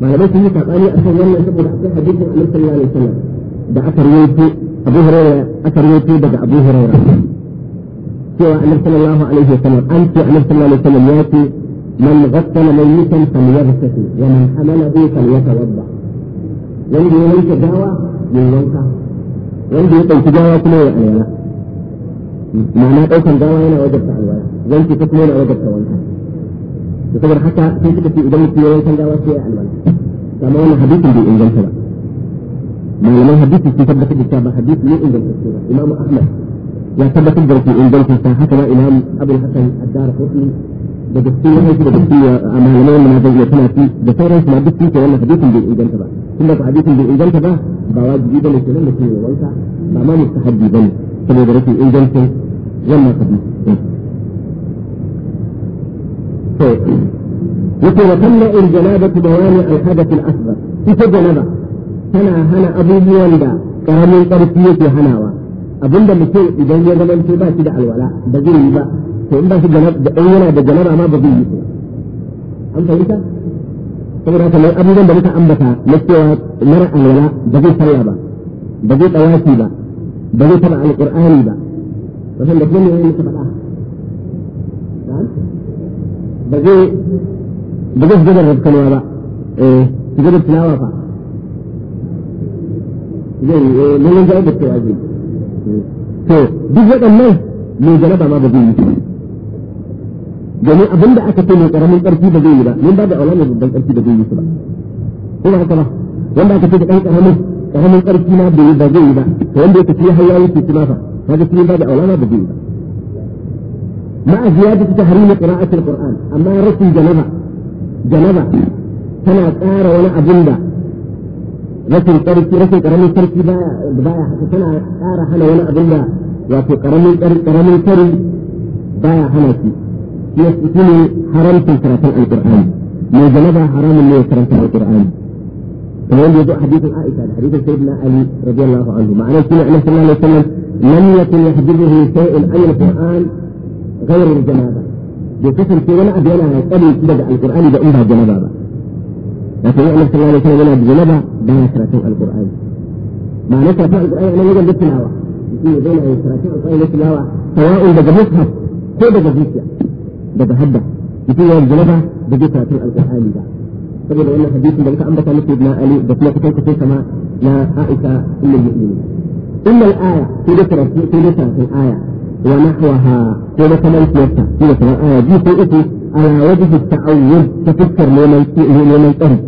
malamai sun yi saɓani a kan wannan saboda akwai hadisin annabi sallallahu alaihi wasallam da aka rawaito abu hurairah aka rawaito daga abu hurairah cewa annabi sallallahu alaihi wasallam an ce annabi sallallahu alaihi wasallam ya ce من غسل ميتا فليغسل ومن حمله فليتوضا وندي ليس دعوة من ينكا وندي يقول تجاوى كما يعني لا معناه قوسا دعوة هنا وجبت على الولد وانت تسمون وجبت وانت تصبر حتى في سكة في ادمت في وانت دعوة في الولد كما انا حديث بي انجل سبا حديث في سبا في حديث لي انجل امام احمد يعتبر في انجلترا حتى امام ابو الحسن الدار قطني da gaskiya aiki da gaskiya a malamai na zai iya tana fi da sauran su ma duk suke wannan hadisin bai inganta ba tunda ko hadisin bai inganta ba ba wajibi bane kenan da kuma wanka ba ma mustahabbi bane saboda rashin ingancin wannan hadisi to yake wa tamna'u al-janabatu dawami al-hadath al-asghar ita janaba tana hana abubuwan da karamin karfi yake hanawa abinda mutum idan ya zama ba shi da alwala ba zai yi ba to in ba shi da ɗan yana da ganar ma ba zai yi an fahimta saboda haka mai abubuwan da muka ambata na cewa mara alwala ba zai sallah ba ba zai tsawafi ba ba zai taɓa alƙur'ani ba wasan da kuma ne muka faɗa ba zai ba zai shiga da rabkanwa ba eh shiga da tilawa fa zai eh mun ga da cewa zai to duk waɗannan mai jaraba ma ba zai yi domin abin da aka ce mai karamin ƙarfi ba zai yi ba mun ba da aula mai babban ƙarfi ba zai yi su ba ko ba haka ba wanda aka ce da ɗan ƙaramin ƙaramin ƙarfi ma bai ba zai yi ba to wanda yake fiye hayya yake kuma fa kaga shi ba da aula ma ba zai yi ba مع زيادة تحريم قراءة القرآن أما رسم جنبة جنبة سنة أرى ولا أجندة رسم قرآن رسم قرآن تركي با با سنة أرى هنا ولا أجندة وفي قرآن قرآن تركي با هنا يسكن حرام سلسلة القرآن ما جلبها حرام اللي سلسلة القرآن فهم يدعو حديث عائشة حديث سيدنا علي رضي الله عنه معناه سمعنا صلى الله عليه وسلم لم يكن يحجبه سائل أي القرآن غير الجنابة يتصل في ولا أبي أنا أبي بدأ القرآن إذا أمها جنابة لكن يعلم صلى الله عليه وسلم ولا بجنابة بنشرة القرآن معناه سلسلة القرآن أنا يجب يقول بين سلسلة القرآن بسلاوة سواء بجميعها كيف بجميعها daga hadda mutum ya rigina ba da zai karatun alƙur'ani ba saboda wannan hadisin da muka ambata muku na ali da kuma kusan kusan sama na aisha ummul mu'minin innal aya sai dai karatun sai dai karatun aya wa nahwaha ko da kamar kiyarta shi da kamar aya biyu ko uku ala wajhi ta'awwud ta fuskar neman neman tsari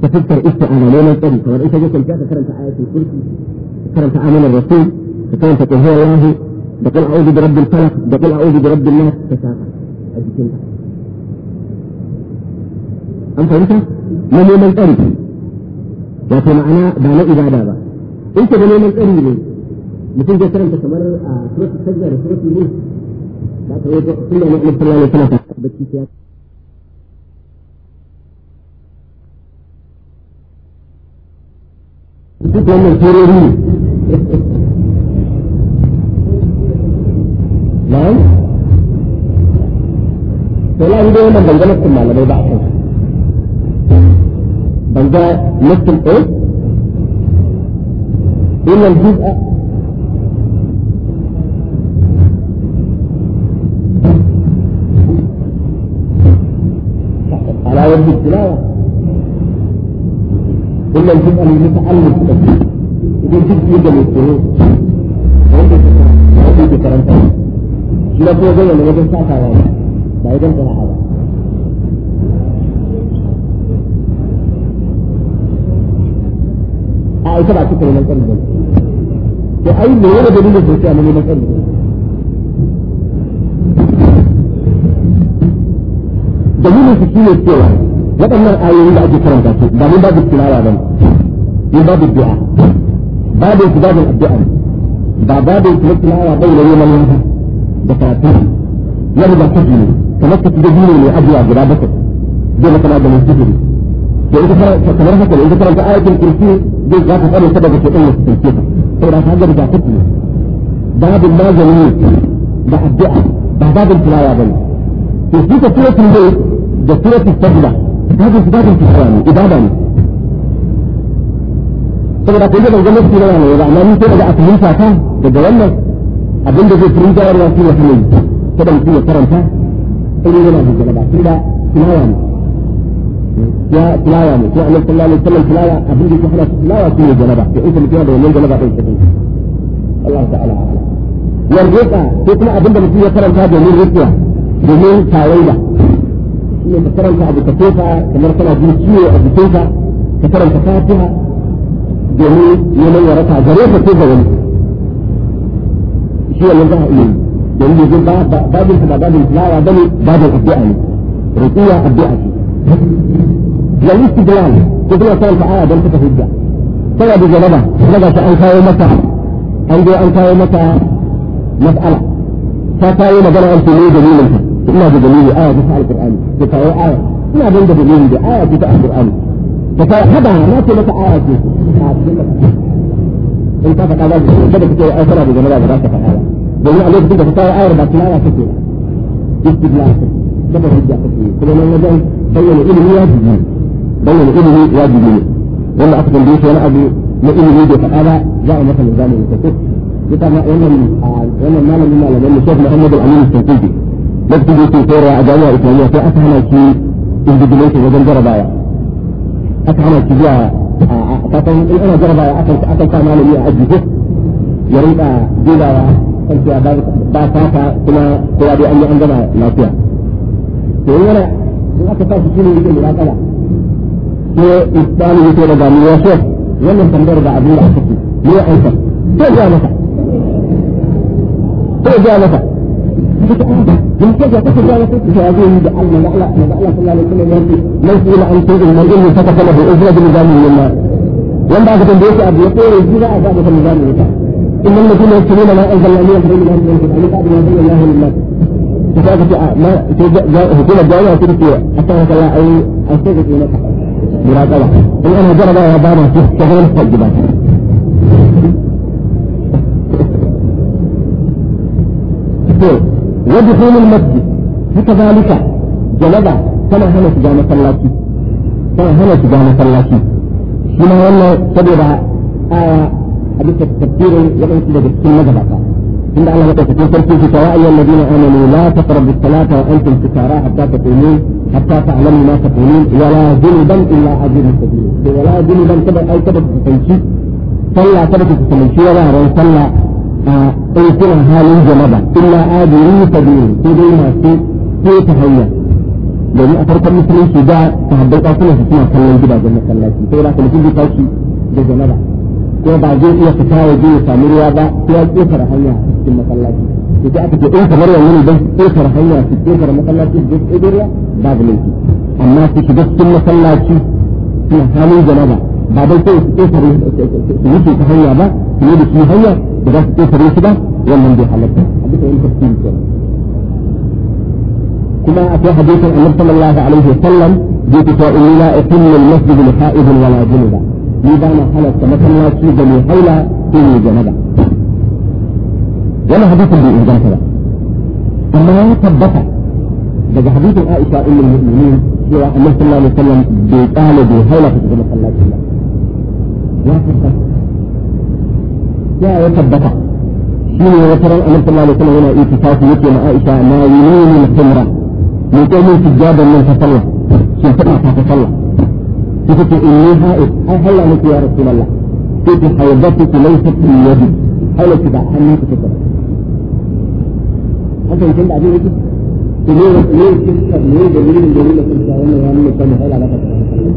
ta fuskar isti'ana neman tsari kamar ita gaskiya ka karanta ayatul kursi karanta amanar rasul ka karanta qul huwallahu da qul a'udhu bi rabbil falaq da qul a'udhu bi rabbin nas ta shafa a an fahimta na neman tsari wato ma'ana ba na ibada ba in ka da neman tsari ne mutum zai karanta kamar a suratu sajda da ne yi na duk wannan ne ولا يدي من بنجا نفسهم على بيضاء عشان بنجا نفسهم ايه إلا الجزء على وجه التلاوة إلا الجزء المتعلق بالتجديد إذا الجزء يجب الجهود ويجب الكلام ويجب الكلام شو لا تقول لنا ما جزء ba idan kana ba a ita ba kika neman tsari ba to ai me yana dalilin da yake a neman tsari dalilin su ne cewa waɗannan ayoyin da ake karanta su ba mun babu tilawa ba ne babu du'a babu su babu addu'a ba babu tilawa ba ne neman yanka da karatu wani ba ta biyu kamar ta biyu ne abuwa guda bakwai zai maka maganin sihiri da ita kamar haka da ita karanta ayatul kursi zai za ka fara ta daga shekan wasu sai ke saboda ka ga da ta biyu babin magani da addu'a ba babin tilawa bane to shi ka suratul mulk da suratul sajda babin su babin tilawa ne ibada ne saboda kun da gangan lokaci na wani ba amma ni sai daga a fahimta ta daga wannan abinda zai furin jawarwa shi ne kada mutum ya karanta in yana hujjara ba tunda tilawa ne ya tilawa ne ko annabi sallallahu alaihi wasallam tilawa abin da ya hana tilawa shi ne janaba ya isa mutum da wannan janaba din kafin Allah ta'ala yarjuka sai kuma abin da mutum ya karanta domin rukiya domin tawaida ne ka karanta abu ka tofa kamar kana jin ciwo a jikinka ka karanta fatiha domin neman waraka gare ka ko ga wani shi wannan za a iya yi dan ne ba babin ba babin tilawa bane babin addu'a ne rukuya addu'a ce yayi istidlal ko kuma sai ta aya dan ta hujja sai da jaraba. jalaba da ta an kawo mata an je an kawo mata mas'ala ta kawo magana an ce ne dalilin ta ina da dalili aya ta alqur'ani ta kawo aya ina da dalili da aya ta alqur'ani ta kawo hada na ce mata aya ce in ka faɗa za ka ce kada ka ce ai kana da jalaba ba za ka faɗa ba domin a lokacin da ta kawo ayar ba tilawa take istidlal take kafa hujja take kuma nan wajen bayyana ilimi ya jibi bayyana ilimi ya jibi ne wanda aka tambaye shi wani abu na ilimi bai faɗa ba za a masa misali ne take ita ma wannan wannan malamin malamin mu Sheikh Muhammad Al-Amin lokacin da yake koyarwa a jami'ar Islamiyya sai aka hana shi indibilation wajen jarabawa aka hana shi zuwa a kasan in ana jarabawa akan sa malami a ajiye ya rinka dubawa kan cewa ba fata kuma kowa dai an yi an gama lafiya to in yana in aka sa shi ne yake mulakala ko islamu yake da gani ya so wannan tambayar da abin da aka ce ne ya aika ko ya masa ko ya masa من كيف يتصل ذلك بهذه بأن الله صلى الله عليه وسلم يأتي ليس إلى أن تؤمن من إني فتح له أجرة بنظام من النار. وأن بعد ذلك أبي يقول الجزاء ذلك النظام من النار. إن الذين يكتبون ما أنزل الله من بين الأرض والكتاب بعد ما بين الله للناس فكانت ما هجوم الدولة وتركيا أتاك الله أي أستغفر لك مراقبة إن أنا جرب يا بابا في تغيير التجربة طيب. ودخول المسجد فكذلك جلبة كما هنا تجامة اللاتي كما هنا تجامة الله شما والله تبدأ آية أبيك التفسير يقول لك بسم مجبطة إن الله متفقين تركي يا أيها الذين آمنوا لا تقربوا الصلاة وأنتم سكارى حتى تقومون حتى تعلموا ما تقولون ولا ذنبا إلا عزيز السبيل ولا ذنبا تبقى أي تبقى تنشي صلى تبقى تنشي ولا رأي صلى إن كنا هالين جنبا إلا آدري سبيل في دينا في في تهيئ domin a farkon musulunci da sahabbai kasunan su suna kallon gidajen masallaci sai da kuma sun ji tashi da janaba ko ba zai iya fita waje ya sami ruwa ba ko ya ƙetare hanya a cikin masallaci idan aka ce in kamar yanzu ne don ƙetare hanya su ƙetare masallaci su je su ruwa babu laifi amma su shiga cikin masallaci suna samun janaba ba don sai su ƙetare su wuce ta hanya ba su yi da shi hanya da za su ƙetare su ba wannan bai halatta a duka wani tafsiri ke kuma akwai hadisin annabi sallallahu alaihi wa sallam da yake cewa inna la uqimmu al-masjid li ha'idin wala junuba ميدان حلق تمثل الله في دمي حولا في جنبا ولا حديث بي انجان كلا اما لا يتبطى جاء حديث عائشة ام المؤمنين سورة الله صلى الله عليه وسلم بيتال بي حولا في جنب الله جنبا لا تبطى يا يتبطى شيني وصرا الله صلى الله عليه وسلم هنا اتصاف يتي مع عائشة ناويني من خمرا من تؤمن سجادا من تصلى سنتقنا فتصلى قلت إنها هلا لك يا رسول الله قلت حيضتك ليست في يدي حاولت تبعها ما تفكر حتى يمكن بعدين يجب تنور تنور تكسر نور جميل جميل كنت أقول له يعني كان هلا على فترة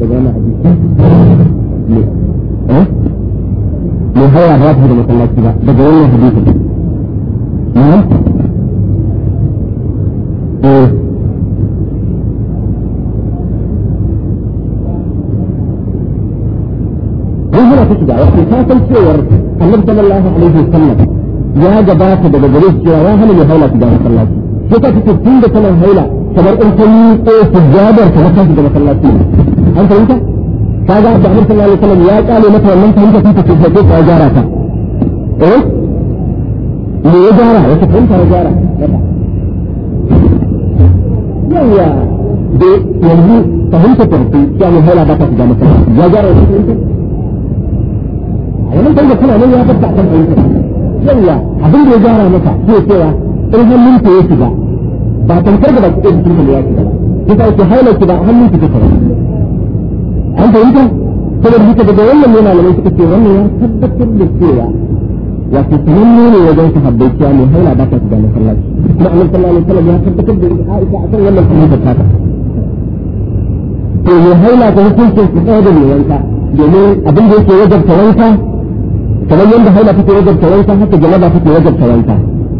بجامع حديث ها؟ نهاية غاب هذا مثلا تبع بجامع حديث نعم؟ ايه ta shiga wato ta san cewar annabi sallallahu alaihi wasallam ya gabata daga gare shi cewa ya hana mai haila shiga masallaci sai ta ce tun da tana haila kamar in ta yi ko sujjadar ta ta shiga masallaci an fahimta kaga da annabi sallallahu alaihi wasallam ya kale mata wannan fahimta ta ce ta ta gyara ta eh me ya gyara wata fahimta ya gyara yawa da yanzu fahimta ta ce ya mai haila ba ta shiga masallaci ya gyara wata fahimta wannan banga tana nan ya fasta kan ayyuka yawa abin da ya gyara maka ko cewa in hannun ta ya shiga ba tamkar da baki ɗin tunka ya shiga yasa yake hailar ki ba hannun ki take an fahimta saboda duka daga wannan yana malamai suka ce wannan ya tabbatar da cewa wato sananne ne wajen su habbai cewa mai haila ba ta shiga masallaci kuma annabi sallallahu alaihi wasallam ya tabbatar da Aisha akan wannan fahimtar ta to mai haila ta hukuncin su tsaya da mai wanka domin abin da yake wajabta wanka kamar yadda haila take wajen tawanka haka janaba take wajen tawanka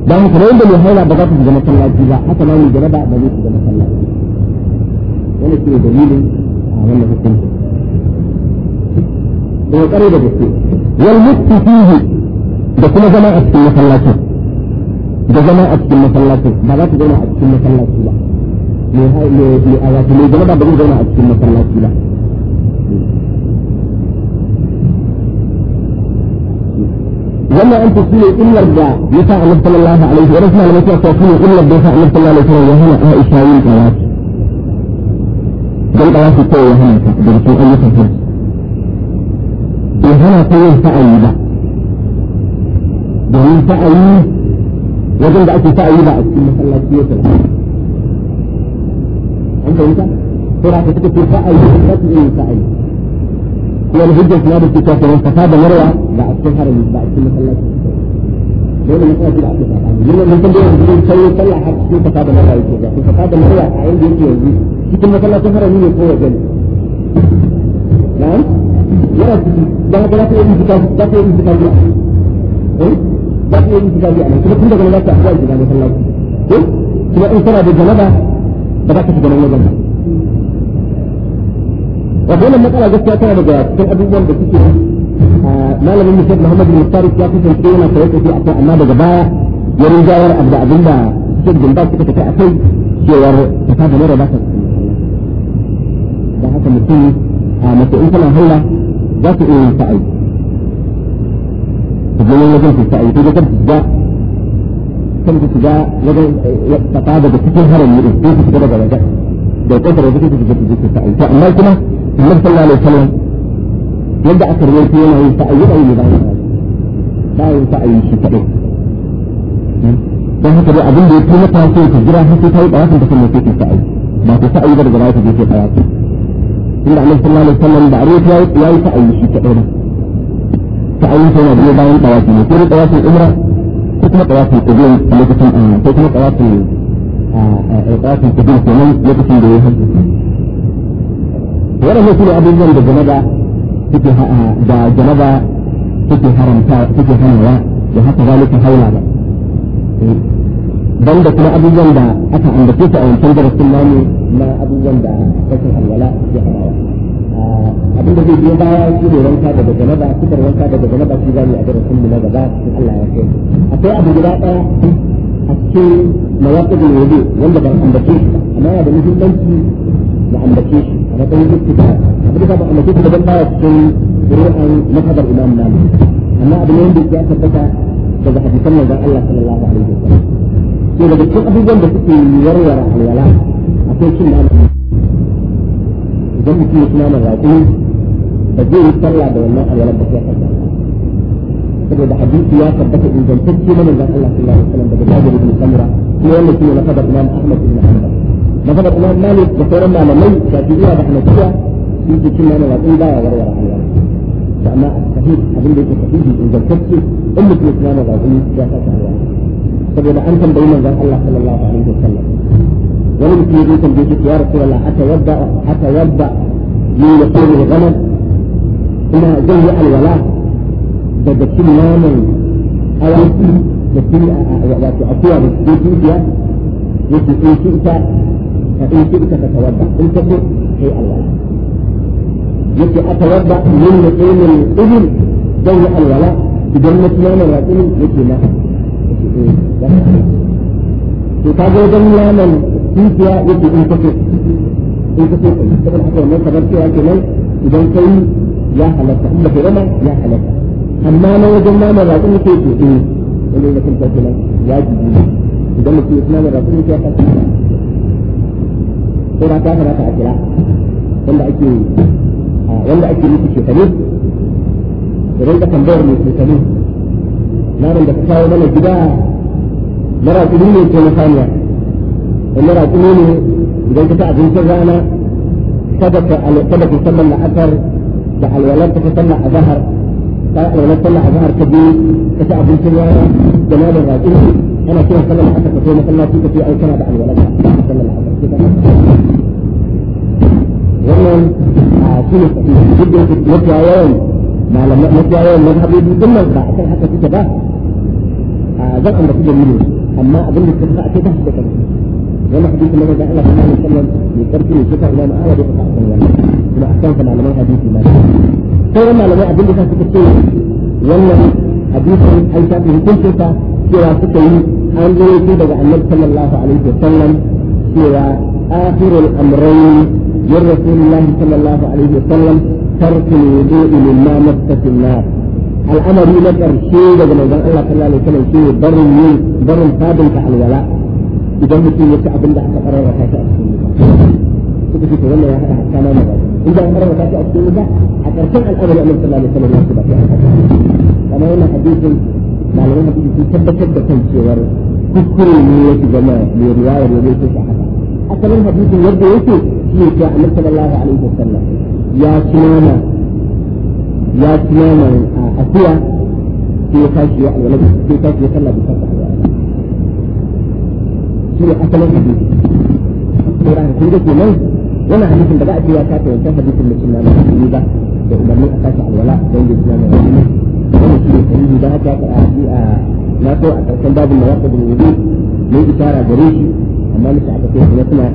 dan haka yadda mai haila ba za ta zama masallaci ba haka ma mai janaba ba zai zama masallaci wani shi ne dalilin a wannan hukunci da eh, kare da gaske wal mukti fihi da kuma zama a cikin masallacin da zama a cikin masallacin ba za ta zauna a cikin masallaci ba mai mai a wato mai janaba ba zai zama a cikin masallaci ba wannan an tafi ne illar da ya sa annabi sallallahu alaihi wa sallam ya tafi ne illar da ya sa annabi sallallahu alaihi wa sallam ya hana Aisha yin tawafi dan tawafi ko ya hana ta da ta yi hajji ya hana ta yin sa'ayi ba domin sa'ayi wajen da ake sa'ayi ba a cikin masallaci ya sallah an fahimta sai da aka suka ta sa'ayi ba ta yin sa'ayi هو يعني الهجة في هذا الكتاب واستفاد مروة بعد شهر بعد كل ثلاثة لأن المسألة في العقيدة لأن من كل يوم يسوي يطلع حتى يشوف فقاد مروة يشوف فقاد مروة عندي يجي يجي في كل ثلاثة سفر مين يقوى جل نعم يرى ده ده في الكتاب ده في الكتاب إيه ده في الكتاب يعني كل لا تحتاج إلى مثلا إيه wato wannan matsala gaskiya tana daga cikin abubuwan da suke ah, malamin mushaf muhammad bin tarik ya kasance yana koyar da shi akai amma daga baya ya rinjawar abu da abinda cikin jimba suka tafi akai cewar ta ta mara ba ta da haka mutum a ah, mace in tana haila za su iya yin sa'ai ta zama wajen su sa'ai ko wajen su kan su ga wajen ta eh, daga cikin haram ne ko su ga daga wajen da ta wajen su ga su ga ta amma النبي صلى الله عليه وسلم يبدا ترويته هنا يتأيد اي باين لا يتأيد شيء كده dan haka dai abin da ya fi mata sai ka jira har sai ta yi tsawafin da kuma sai ta sa'i ba ta sa'i ba daga ta je ta tsaya inda annabi sallallahu alaihi wasallam da arwaya ya ya yi sa'i shi kadai ba sa'i sai na biyo bayan tsawafi ne sai umra ko kuma tsawafin kudin lokacin ko kuma kenan lokacin da ya hajji Wani su ne abubuwan da janaba suke ah, da janaba suke haramta suke hanawa da haka zalika haula ba eh, da kuma abubuwan da aka ambace su a wancan darasin namu na abubuwan da rashin alwala ya hanawa ah, abin da zai biyo baya shi ne wanka daga janaba sukar wanka daga janaba su zamu a darasin mu na gaba su Allah ya kai akwai abu guda ɗaya a cikin mawaqidul wudu wanda ba ambace shi amma yana da muhimmanci na ambace shi matsayin ittida abin da ba a mace da ba cikin ruwan mazhabar imam malik amma abin ne da ya tabbata daga hadisan manzon Allah sallallahu alaihi wasallam to daga cikin abubuwan da suke warware alwala akwai cin nama idan mutum ya ci nama raƙumi ba zai yi sallah da wannan alwalar da ya tabbata saboda hadisi ya tabbata ingantacce na manzon Allah sallallahu alaihi wasallam daga Jabir ibn Samura kuma wannan shine na kabar Imam Ahmad ibn Hanbal مثلا الإمام مالك بصورة ما لمي شافعية بحنفية في كل أنا وأقول لا ولا ولا فما الصحيح أبن بيت الصحيح إذا كنت أمة الإسلام وأقول لا طيب إذا أنتم بين الله صلى الله عليه وسلم ولم يجيكم بيتك يا رسول الله حتى يبدأ حتى يبدأ من يقول الغنم إلى زي الولاء بدأ كل يوم أو بدأ كل أقوى بالبيت يجي يجي إن شئت فإن شئت فتوضأ إن تكن في الولاء يكي أتوضأ من مقيم الإذن دون الولاء بجنة نام الرجل يكي ما to ka ga wajen naman tutiya yake in kaso in kaso ka saboda haka wannan kamar cewa kenan ya halatta in baka rama ya halatta amma na wajen naman raƙon yake to in wani mutum ta kenan ya jibi idan mutum ya naman raƙon yake ya fasa sai na ta kamata a kira wanda ake wanda ake nufi shekaru idan ka tambayar mai shekaru yaron da ka kawo mana gida mara kudu ne ko na saniya da mara kudu ne idan ka ta abincin rana kada ka sallar asar da alwalar ta sallar a zahar ta alwalar sallar a zahar ka biyu ka ta abincin rana da naman raƙi ana kiran sallar la'asar ka kai masallaci ka ce ai kana da alwalar ka sallar la'asar wannan a cikin duk da mafiya yawan malamai mafiya yawan mazhabobi din nan ba akan haka suke ba a zan ambaci da mini amma abin da suka ake ta da kansu wannan hadisi na da Allah subhanahu wa ta'ala karfi ne suka ila ma'ala da suka akan wannan kuma akan ka malaman hadisi ma sauran malamai abin da suka ce wannan hadisin an shafi hukuncin sa cewa suka yi an zo daga annabi sallallahu alaihi wa cewa akhirul amrayn من رسول الله صلى الله عليه وسلم ترك الوضوء مما مسك في النار. الامر يذكر شيء من الله صلى الله عليه وسلم شيء بر يوم بر قادم على الولاء. اذا مثل يتعب الله حتى قرر وحاشا اسكن الله. كيف تقول له يا حتى ما مضى؟ اذا امر وحاشا اسكن الله حتى ارسل الامر الى النبي صلى الله عليه وسلم يكتب في حياته. كما هنا حديث معلومه حديث في كبه كبه كم شيء ورد. تذكر النية جماعة لرواية لبيت الصحابة. أصلا الحديث يبدو يكتب shine ya annabi sallallahu alaihi wasallam ya tunana ya tunana a asiya sai ya tashi ya alwala sai ya tashi ya sallah da sallah shine asalin hadisi sai ran kun ga kenan wannan hadisin da za a ce ya kafa wancan hadisin da sunna na hadisi ba da umarni a tashi alwala don ya tunana wannan shine sahihi da a na so a ƙarshen da isara gare shi amma musu aka kuma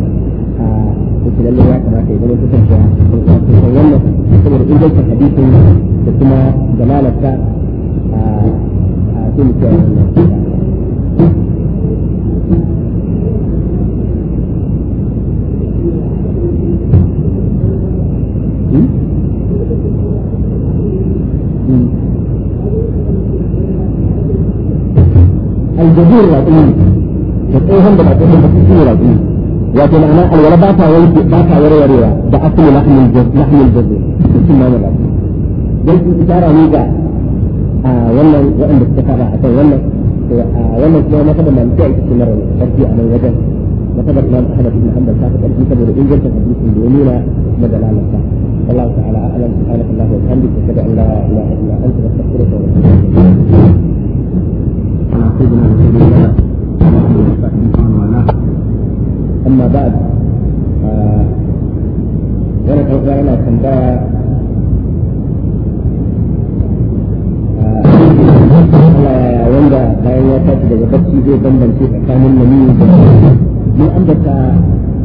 yake a ya kamata ya zama kusan da kusan wannan saboda ingancin hadisin da kuma dalalarsa a cikin الجزيرة الأولى الأولى هم بدأت هم بدأت وكان انا ولا باتا ولا باتا ولا ولا ولا ده اصل لحم الجزء لحم الجزء ثم ما بعد جلت اشاره ميجا اه ولا وان اتفق حتى ولا ولا ما ما قدر من تعيش في مره ارجع على وجه ما قدر ما احد ابن محمد صاحب ابن كبير ان جلت في حديث دليل مدى على الصح والله تعالى اعلم سبحانك الله وبحمدك اشهد ان لا اله الا انت استغفرك واتوب اليك. انا اعتذر من سبيل الله amma ba wani ɗauka yana tambaya wanda bayan ya tashi daga bacci zai bambance tsakanin maniyu da mun ambata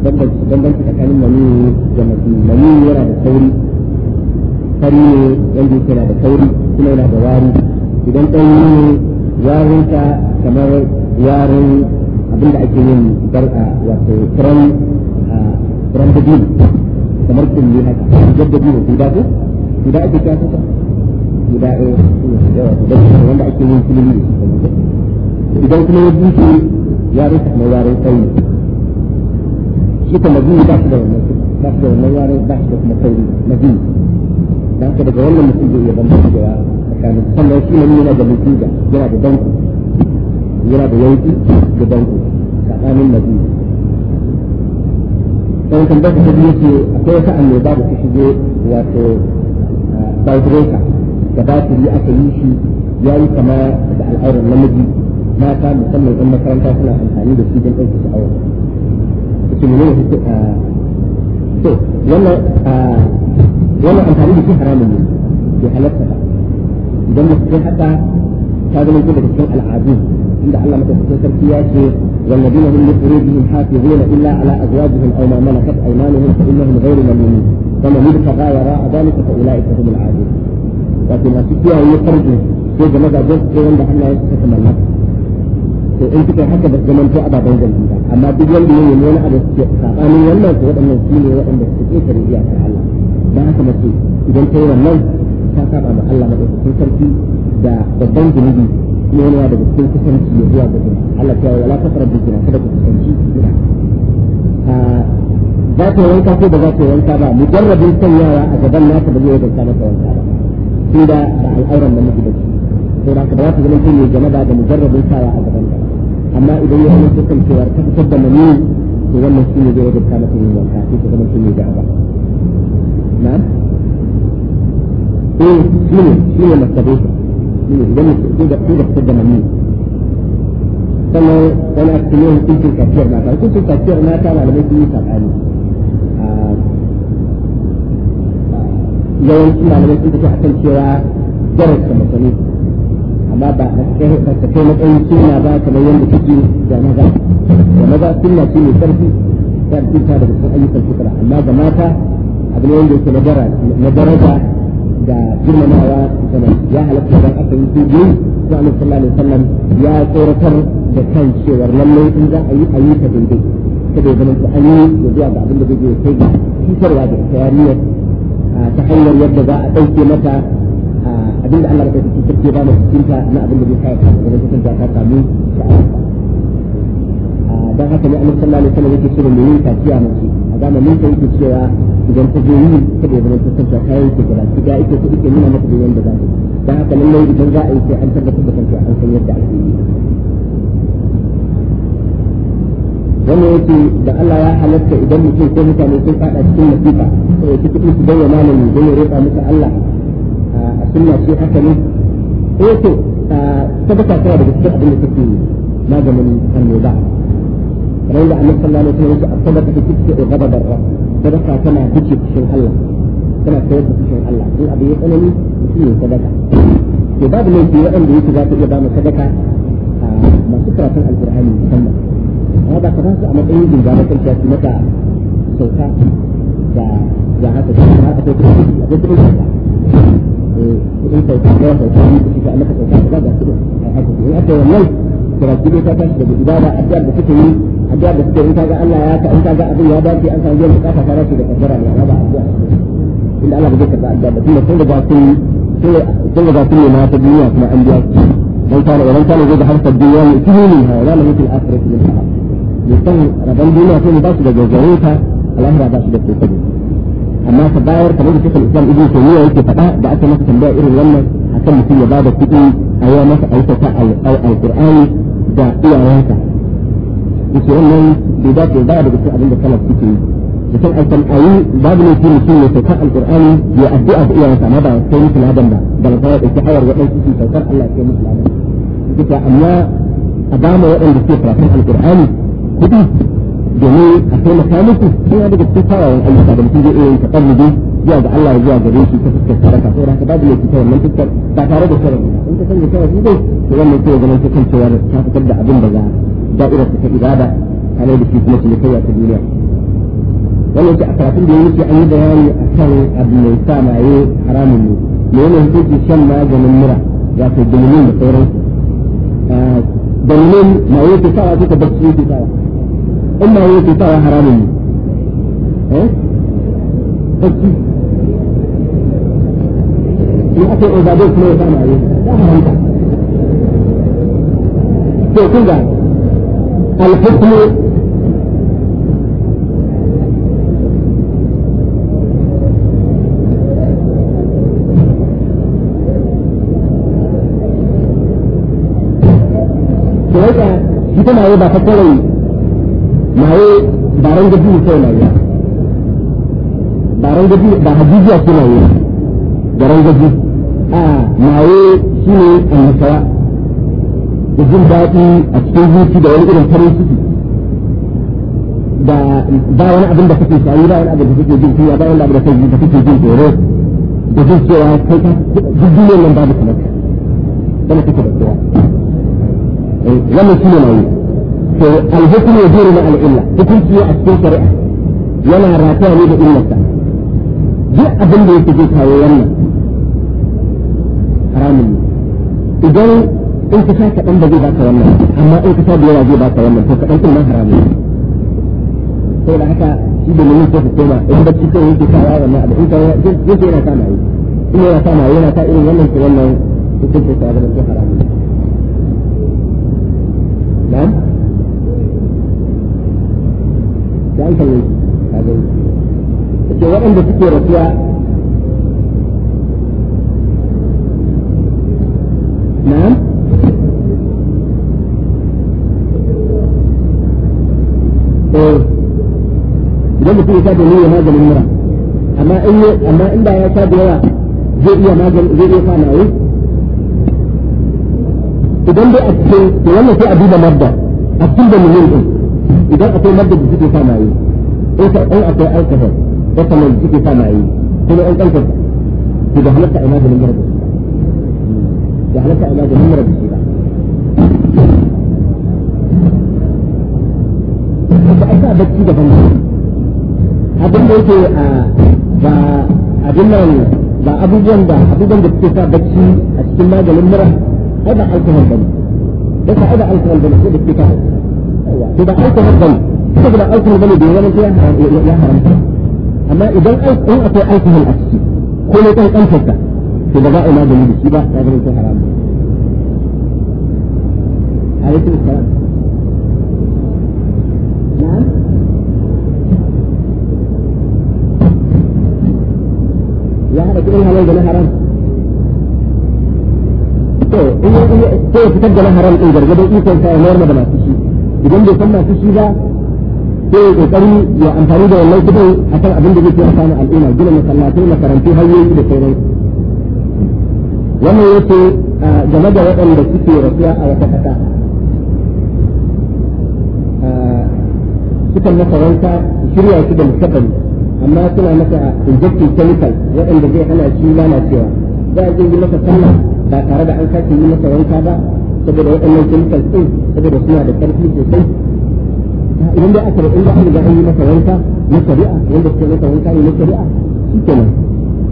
bambance tsakanin maniyu da mafi maniyu yana da sauri fari ne wanda yake yana da sauri kuma yana da wari idan ɗan ne warinka kamar warin abin da ake yin wato furan ah, furan da biyu kamar yi haka yadda biyu guda ko guda ake eh, kasa ta guda a yawa da guda wanda ake yin kulli idan kuma ya bushe ya rufe na yaren sauyi shi ta mazini ba shi da wannan ba shi da wannan yaren ba shi da kuma sauyi mazini don haka daga wannan mutum zai iya bambanta da tsakanin sannan shi ne nuna da mutum yana da banku yana da yanki da banku tsakanin nabi dan kan da ta yake akwai wata annoba da ta shige wato bautreka da ba yi aka yi shi ya yi kama da al'aurar namiji mata musamman ɗan makaranta suna amfani da shi don ɗauki sha'awar su ne to wannan wannan amfani da shi haramun ne bai halatta ba idan mutum ya haɗa ta zama daga cikin al'adun. lokacin da Allah madaukakin sarki ya ce والذين هم لفروجهم حافظون إلا على أزواجهم أو ما ملكت أيمانهم فإنهم غير ملومين فمن ابتغى وراء ذلك فأولئك هم العادون لكن ما تكيه يفرجه sai game da duk sai wanda Allah ya saka kamar nan to in kika haka ba zaman to ababan zanci ba amma duk wanda ya nemi wani abu ke sabanin wannan to waɗannan su ne waɗanda su ke kare iyakar Allah dan haka mace idan ta yi wannan ta saba ma Allah madaukakin da babban zunubi kowa daga cikin kusanci ya zuwa ga Allah ta wala ta fara bijira kada ku kusanci bijira za ta wanka ko ba za ta wanka ba mujarrabin sanyawa a gaban nata ba zai yi gansa mata wanka ba tun da al'auran da muke da shi ko da ka ba ta ganin ne janaba da mujarrabin sawa a gaban amma idan ya amince kan ta fitar da mani to wannan shi ne zai yin wanka sai ta zama shi ne na eh shi ne shi ne idan ko da ko da fitar da manni sannan wani aka yi kafiyar kafiyar sun yi yawanci sun tafi cewa masani amma ba a matsayin suna ba kamar yadda da maza maza suna ta cikin ayyukan fitra amma ga mata abu ne yake na daraja da girmamawa sanan ya halatta da aka yi su biyu ko annabi sallallahu alaihi wasallam ya tsoratar da kan cewa lalle in za a yi a yi ta daidai kada ya zama ta an yi da zuwa ga abin da zai kai ga cutarwa da tayariyar ta hanyar yadda za a ɗauke mata abin da Allah ya kai ke ba mu cikinta na abin da zai kai ta da cikin ta samu da haka ne annabi sallallahu alaihi wasallam yake cewa mu yi kaciya mace dama mun sai cewa idan ta je yi ta da zama ta sarta kayan ke gaba ki ga ita kuɗi ke nuna maka da yanda za ta da haka lallai idan za a yi sai an tabbatar da kanta an san yadda ake yi wannan yake da Allah ya halatta idan mutum ko mutane sun fada cikin nasifa sai ya kuɗi su bayyana malami don ya rufa musu Allah a sunna ce haka ne eh to sadaka tana da cikin abin da take maganin annoba kamar da annabi sallallahu alaihi wasallam yake asabaka fi kitti ghadab ar-rabb sadaka tana kici fushin Allah tana kawar da fushin Allah in abu ya tsanani mutum ya sadaka to babu laifi waɗanda yake za ta iya ba mu sadaka masu karatun alqur'ani musamman amma ba ka ba a matsayin jinga ba kan su mata sauka da ya haka da haka ko kuma da kuma sauka eh in sauka da sauka ne kuma ka annaka sauka da ba da kuma haka in aka wannan tarajjibe ta tashi daga ibada addu'ar da suka yi addu'ar da suka yi kaga Allah ya ka an kaga abin ya dace an san yau ka fara da kaddara ne ba addu'a inda Allah bai karba addu'a ba tunda sun riga sun sun riga sun nema ta duniya kuma an biya su dan kana wannan kana zai da harkar duniya ne su ne ha wala mutul akhirati min ha mutan raban duniya sai ba su da gajareta al'amura ba su da kokari amma ka bayar kamar da kake Islam ibn Taymiyyah yake faɗa da aka masa tambaya irin wannan akan mutum ya bada kuɗi a yi masa aikata al-Qur'ani da iyayenka yake wannan bai da ke daga cikin abin da salaf suke yi mutum a san ayi babu ne shi mutum ne alqur'ani ya addu'a da iyayensa amma ba sai musu ladan ba da ba da dauki hawar wadansu su saukar Allah sai musu ladan kita amma a dama waɗanda suke karatun alqur'ani kudi domin a taimaka musu sai daga cikin kawawan ayyuka da mutum zai iya yin taɓar zuwa ga Allah zuwa gare shi ta fuskar sadaka saboda haka babu yake ta wannan fuskar ba tare da sharadi in ka sanya sharadi dai to wannan sai ya zama ta kancewa da ta fitar da abin da za da'ira ta ibada tare da shi kuma su kai ta duniya wannan ta karatun da yake an yi bayani akan abu mai sa maye haramun ne me yana hukunci shan maganin mura ya kai dalilin da sauransu dalilin maye ke sawa suka bacci yake sawa in maye ke sawa haramun ne eh bacci in aka yi oba dai kuma ya kama yi ya haramta to kun ga alhukmu to haka ita maye ba ta kawai maye ba ran gaji kawai maye ba ran gaji ba hajijiya ce maye da ran gaji maye shi ne annasa da jin daɗi a cikin zuci da wani irin farin ciki da ba wani abin da kake sayi ba wani abin da kake jin kuya ba wani abin da kake da kake jin tsoro da jin cewa kai ka duk duniyar nan babu kamar ka wani kake da cewa wannan shi ne maye to alhukum ya jere na al'illa hukunci a cikin shari'a yana rataya ne da illarsa duk abin da yake zai kawo wannan haramun ne idan in ka sha kaɗan ba zai baka wannan amma in ka sha da yawa zai baka wannan to kaɗan kuma haramun ne da haka shi da mun sai koma in ba cikin yake kawo wannan abu in ka yake yana kama yi in yana kama yi yana ta irin wannan ko wannan cikin ta da ke haramun ne na'am da an ka ga waɗanda suke rafiya Eh. idan mutum ya saba niyyar maganin mura amma in amma in da ya saba yawa zai iya maganin zai iya fara yi idan dai a cikin to wannan sai a duba madda a cikin da mun din idan akwai madda da suke fara yi in ka in akwai alcohol ko kuma suke fara yi kuma an kanka to da halatta a maganin mura da halatta a maganin mura da sa bacci daban ne abin da yake ba abin nan ba abubuwan da abubuwan da suke sa bacci a cikin maganin mura ai ba alkohol bane da ka da alkohol bane sai da suke kawo to ba alkohol bane sai da alkohol bane da wani ya ya haramta amma idan an akwai alkohol a ciki ko ne kan kantarsa to ba za a yi magani da shi ba ta ganin sai haramu نعم يا ya fitar da haram din gargadin ikon sa ya da masu shi idan bai san masu shi ba sai ya kokari ya amfani da wannan kudin akan abin da zai taimaka ma al'umma gina masallatai makarantu hanyoyi da sauransu wannan yake game da waɗanda suke rasuwa a wata ƙasa sukan masa wanka shirya shi da mustaqbali amma suna masa injecting chemical waɗanda zai hana shi cewa za a yi masa sallah ba tare da an sake yi masa wanka ba saboda waɗannan chemical ɗin saboda suna da ƙarfi sosai idan da aka in da an riga an yi masa wanka na shari'a wanda suke masa wanka ne na shari'a shi kenan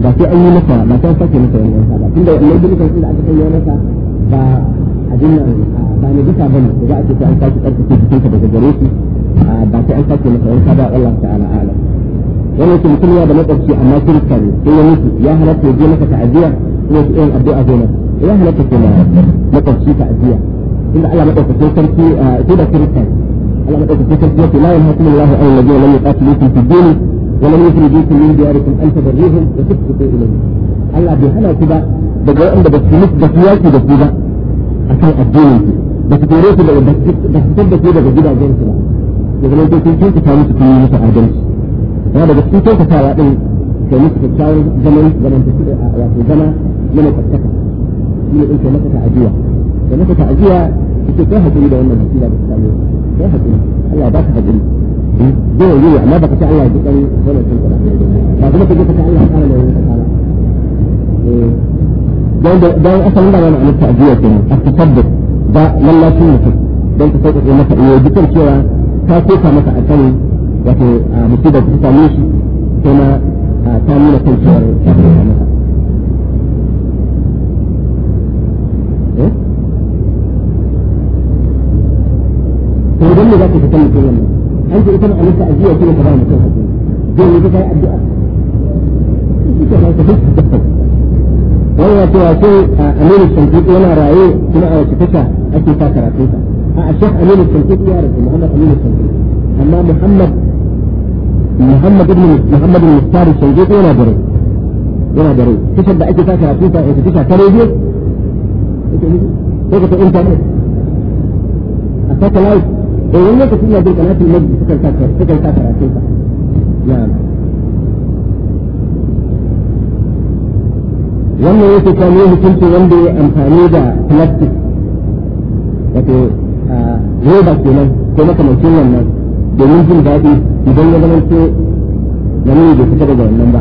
ba sai an yi masa ba sai sake masa wanka ba tunda wannan chemical ɗin da aka sanya masa ba abin nan ba ne bisa bane da za a ce an sake ƙarfafa jikinsa daga gare shi باقي أن تكون لفعل كذا والله تعالى أعلم ولكن كل هذا مقصد شيء أما تلك هي مثل يا هلك يجي لك تعزية وتقول أبدو أزينة يا هلك كما مقصد شيء تعزية إن الله مقصد شيء تركي تبا تركي الله مقصد شيء تركي لا ينهاكم الله أو الذين لم يقاتلوكم في الدين ولم يخرجوكم من دياركم أن تبروهم وتسقطوا إليهم الله بهنا كذا بدأ أن بس بسياسي بس كذا أكان الدين بس توريكم بس تبدأ كذا بجدا جنسنا ya zama dai kyautata musu musu adalci daga cikin kyautatawa din kai musu kyakkyawan zaman zaman ta wato zama kai masa da masa kai da wannan da kai Allah ka haƙuri zai amma baka Allah wannan sun kuɗa ba kuma ka je eh, asalin da kenan a tabbata ba mutum ta masa dukkan cewa ta koka masa a kan wato musibar da ta same shi ta nuna kan cewar ta koka masa eh? to idan ne za ka fita mutum wannan an ce ita na alaka a jiya kuma ta ba mutum hakuri zai yi ta addu'a wannan cewa sai aminu shanki yana raye kuma a wace tasha ake ta karatunsa الشيخ امين الشنقيطي يعرف محمد امين الشنقيطي اما محمد محمد ابن محمد المختار مختار الشنقيطي ولا دري ولا دري تشد اي تسعه ثلاثين انت تسعه تريدي وقت انت اتاك لايف ايه وين كنت تقول بالقناه المجد فكر فكر فكر فكر نعم wannan yake kame hukunci wanda ya amfani da plastic wato roba kenan ko makamancin wannan domin jin daɗi idan ya zama ce namiji bai fita daga wannan ba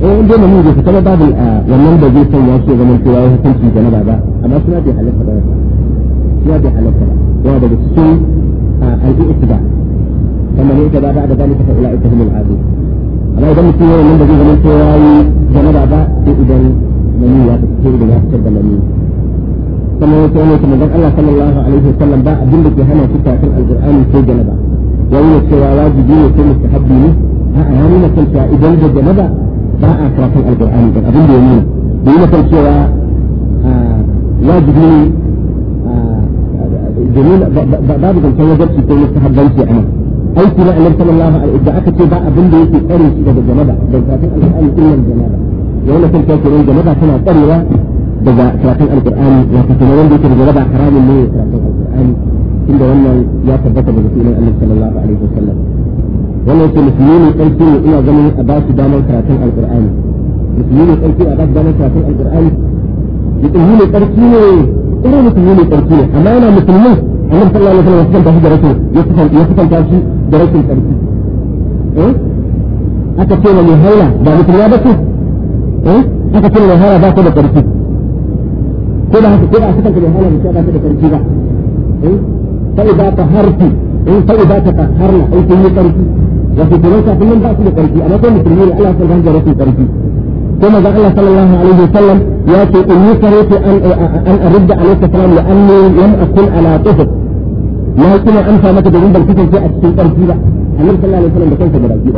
eh, in dai namiji bai fita ba babu ah, wannan da zai sanya shi zaman cewa ya hukunci da na ba amma suna bai halatta ba suna bai halatta ba yana daga cikin ah, al'i'tiba kamar ne ita ba da ta fa ula'ika humul azim amma idan mutum yana nan da zai zaman cewa ya yi da na ba sai idan namiji ya fita daga ya da namiji كما يتعني كما قال الله صلى الله عليه وسلم باع جلد جهنم في تاكل القرآن في جنبا وإن السوى واجبين في مستحبين ها أهاني مثل فائدة جنبا باع أكرة القرآن في أبن دينينا بإن مثل سوى واجبين جميل باب كان يجب في مستحبين في عمل أي سماء النبي صلى الله عليه وسلم إذا أكتب باع أبن دينينا في أرس إذا جنبا بل تاكل القرآن إلا الجنبا يوم مثل فائدة جنبا كان أطريوا daga karatun alkur'ani ya kasance wanda yake da raba haramun ne alkur'ani tunda wannan ya tabbata daga sunan annabi sallallahu alaihi wasallam wannan yake musulmi ne tsarki ne ina ganin a ba su damar karatun alkur'ani musulmi ne tsarki a ba su damar karatun alkur'ani musulmi ne tsarki ne irin musulmi ne tsarki ne amma yana musulmin annabi sallallahu alaihi wasallam ya kusanta shi da rashin ya kusanta shi da rashin tsarki eh aka ce wa mai haila ba musulma ba ce eh aka ce wa mai haila ba ta da tsarki ko da haka kira sukan ka bai hana mutum ba ta da karfi ba sai ba ta harfi in sai ba ta harna in kun yi karfi wato kenan kafin nan ba su da karfi amma musulmi ne Allah sallallahu alaihi wasallam karfi كما قال الله صلى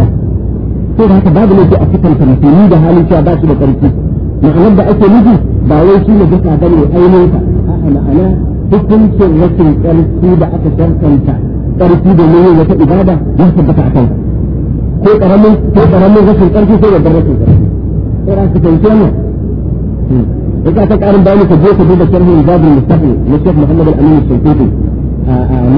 an da haka babu ne laifi a cikin musulmi da halin cewa ba shi da karfi ma'anar da ake nufi ba wai shi ne gasa bane ainihin ka a'a ma'ana hukuncin rashin ƙarfi da aka tantanta ƙarfi da ne wata ibada ya tabbata akan ko karamin ko karamin rashin ƙarfi ko babban rashin ƙarfi sai ran su fahimci wannan إذا تتعلم بأنك جئت بيد شرح الباب المستقبل للشيخ محمد الأمين الشنقيطي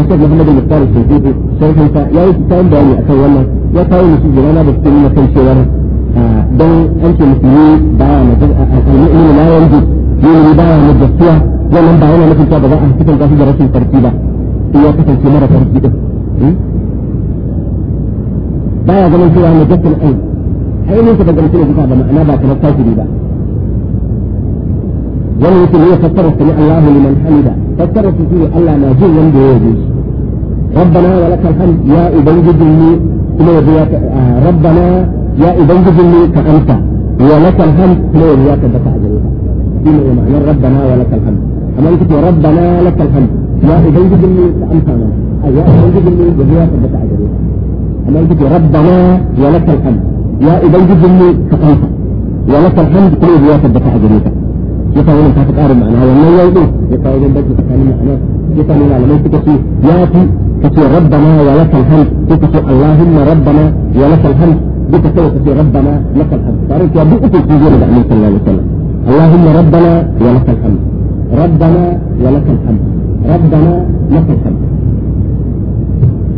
الشيخ محمد المختار الشنقيطي شرح يا يتعلم بأني أتولى يا تعلم شيء جوانا بس كلمة كل شيء don aiki musulmi ba ya mutum al'ilmi la yanzu ilimi ba ya mutum gaskiya wannan ba yana nufin cewa ba za a cikin kasu da rashin sarki ba in ya kasance mara sarki din ba ya ganin cewa na gaskin ain ainihin sa dangane cikin zuka da ma'ana ba kamar kafiri ba wani yake ne ya fassara sami Allahu liman hamida fassara su ne Allah na jin wanda ya yabe shi rabbana wa lakal hamd ya ubangijinmu kuma ya biya rabbana يا إبنجد مني فأنت ولك الحمد لا إياك بك أجلها إما يا ربنا ولك الحمد أما أنت يا ربنا لك الحمد يا إبنجد مني فأنت أنا يا إبنجد مني وإياك بك أجلها أما أنت يا ربنا ولك الحمد يا إبنجد مني فأنت ولك الحمد لا إياك بك أجلها يتعلم تتقارب معناها وما يوضوه يتعلم بك تتعلم معناها يتعلم على ما تكفي ياتي تكفي ربنا ولك الحمد تكفي اللهم ربنا ولك الحمد بتكوت ربنا لك الحمد صارت في الحجور بعد صلى الله عليه وسلم اللهم ربنا ولك الحمد ربنا ولك الحمد ربنا لك الحمد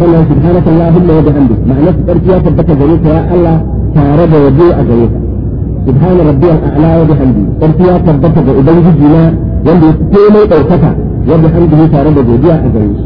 قلنا سبحانك اللهم وبحمدك معناه قلت يا سبك جريك يا الله تارب وبيع جريك سبحان ربي الأعلى وبحمده قلت يا ثبت بأبنج الجناء يلي كيمي أو وبحمده تارب وبيع جريك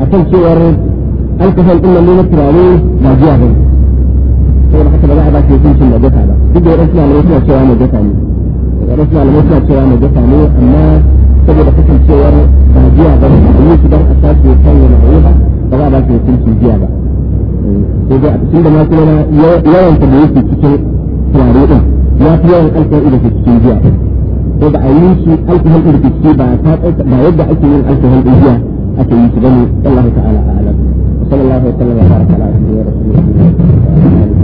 akan cewar alkohol din nan na turare ba jiya ba saboda haka ba za a ba shi hukuncin najasa ba duk da wadansu malamai suna cewa najasa ne wadansu malamai suna cewa najasa ne amma saboda kasancewar ba jiya ba da yi don a sace kan yana ba ba za a ba shi hukuncin jiya ba sai dai a cikin da ma kuma yawan ta da yake cikin turare din ya fi yawan alkohol da ke cikin jiya ko ba a yi shi alkohol din da ke ciki ba yadda ake yin alkohol din jiya ake yi su gani Allah ta'ala a'lam sallallahu alaihi wa sallam wa baraka ala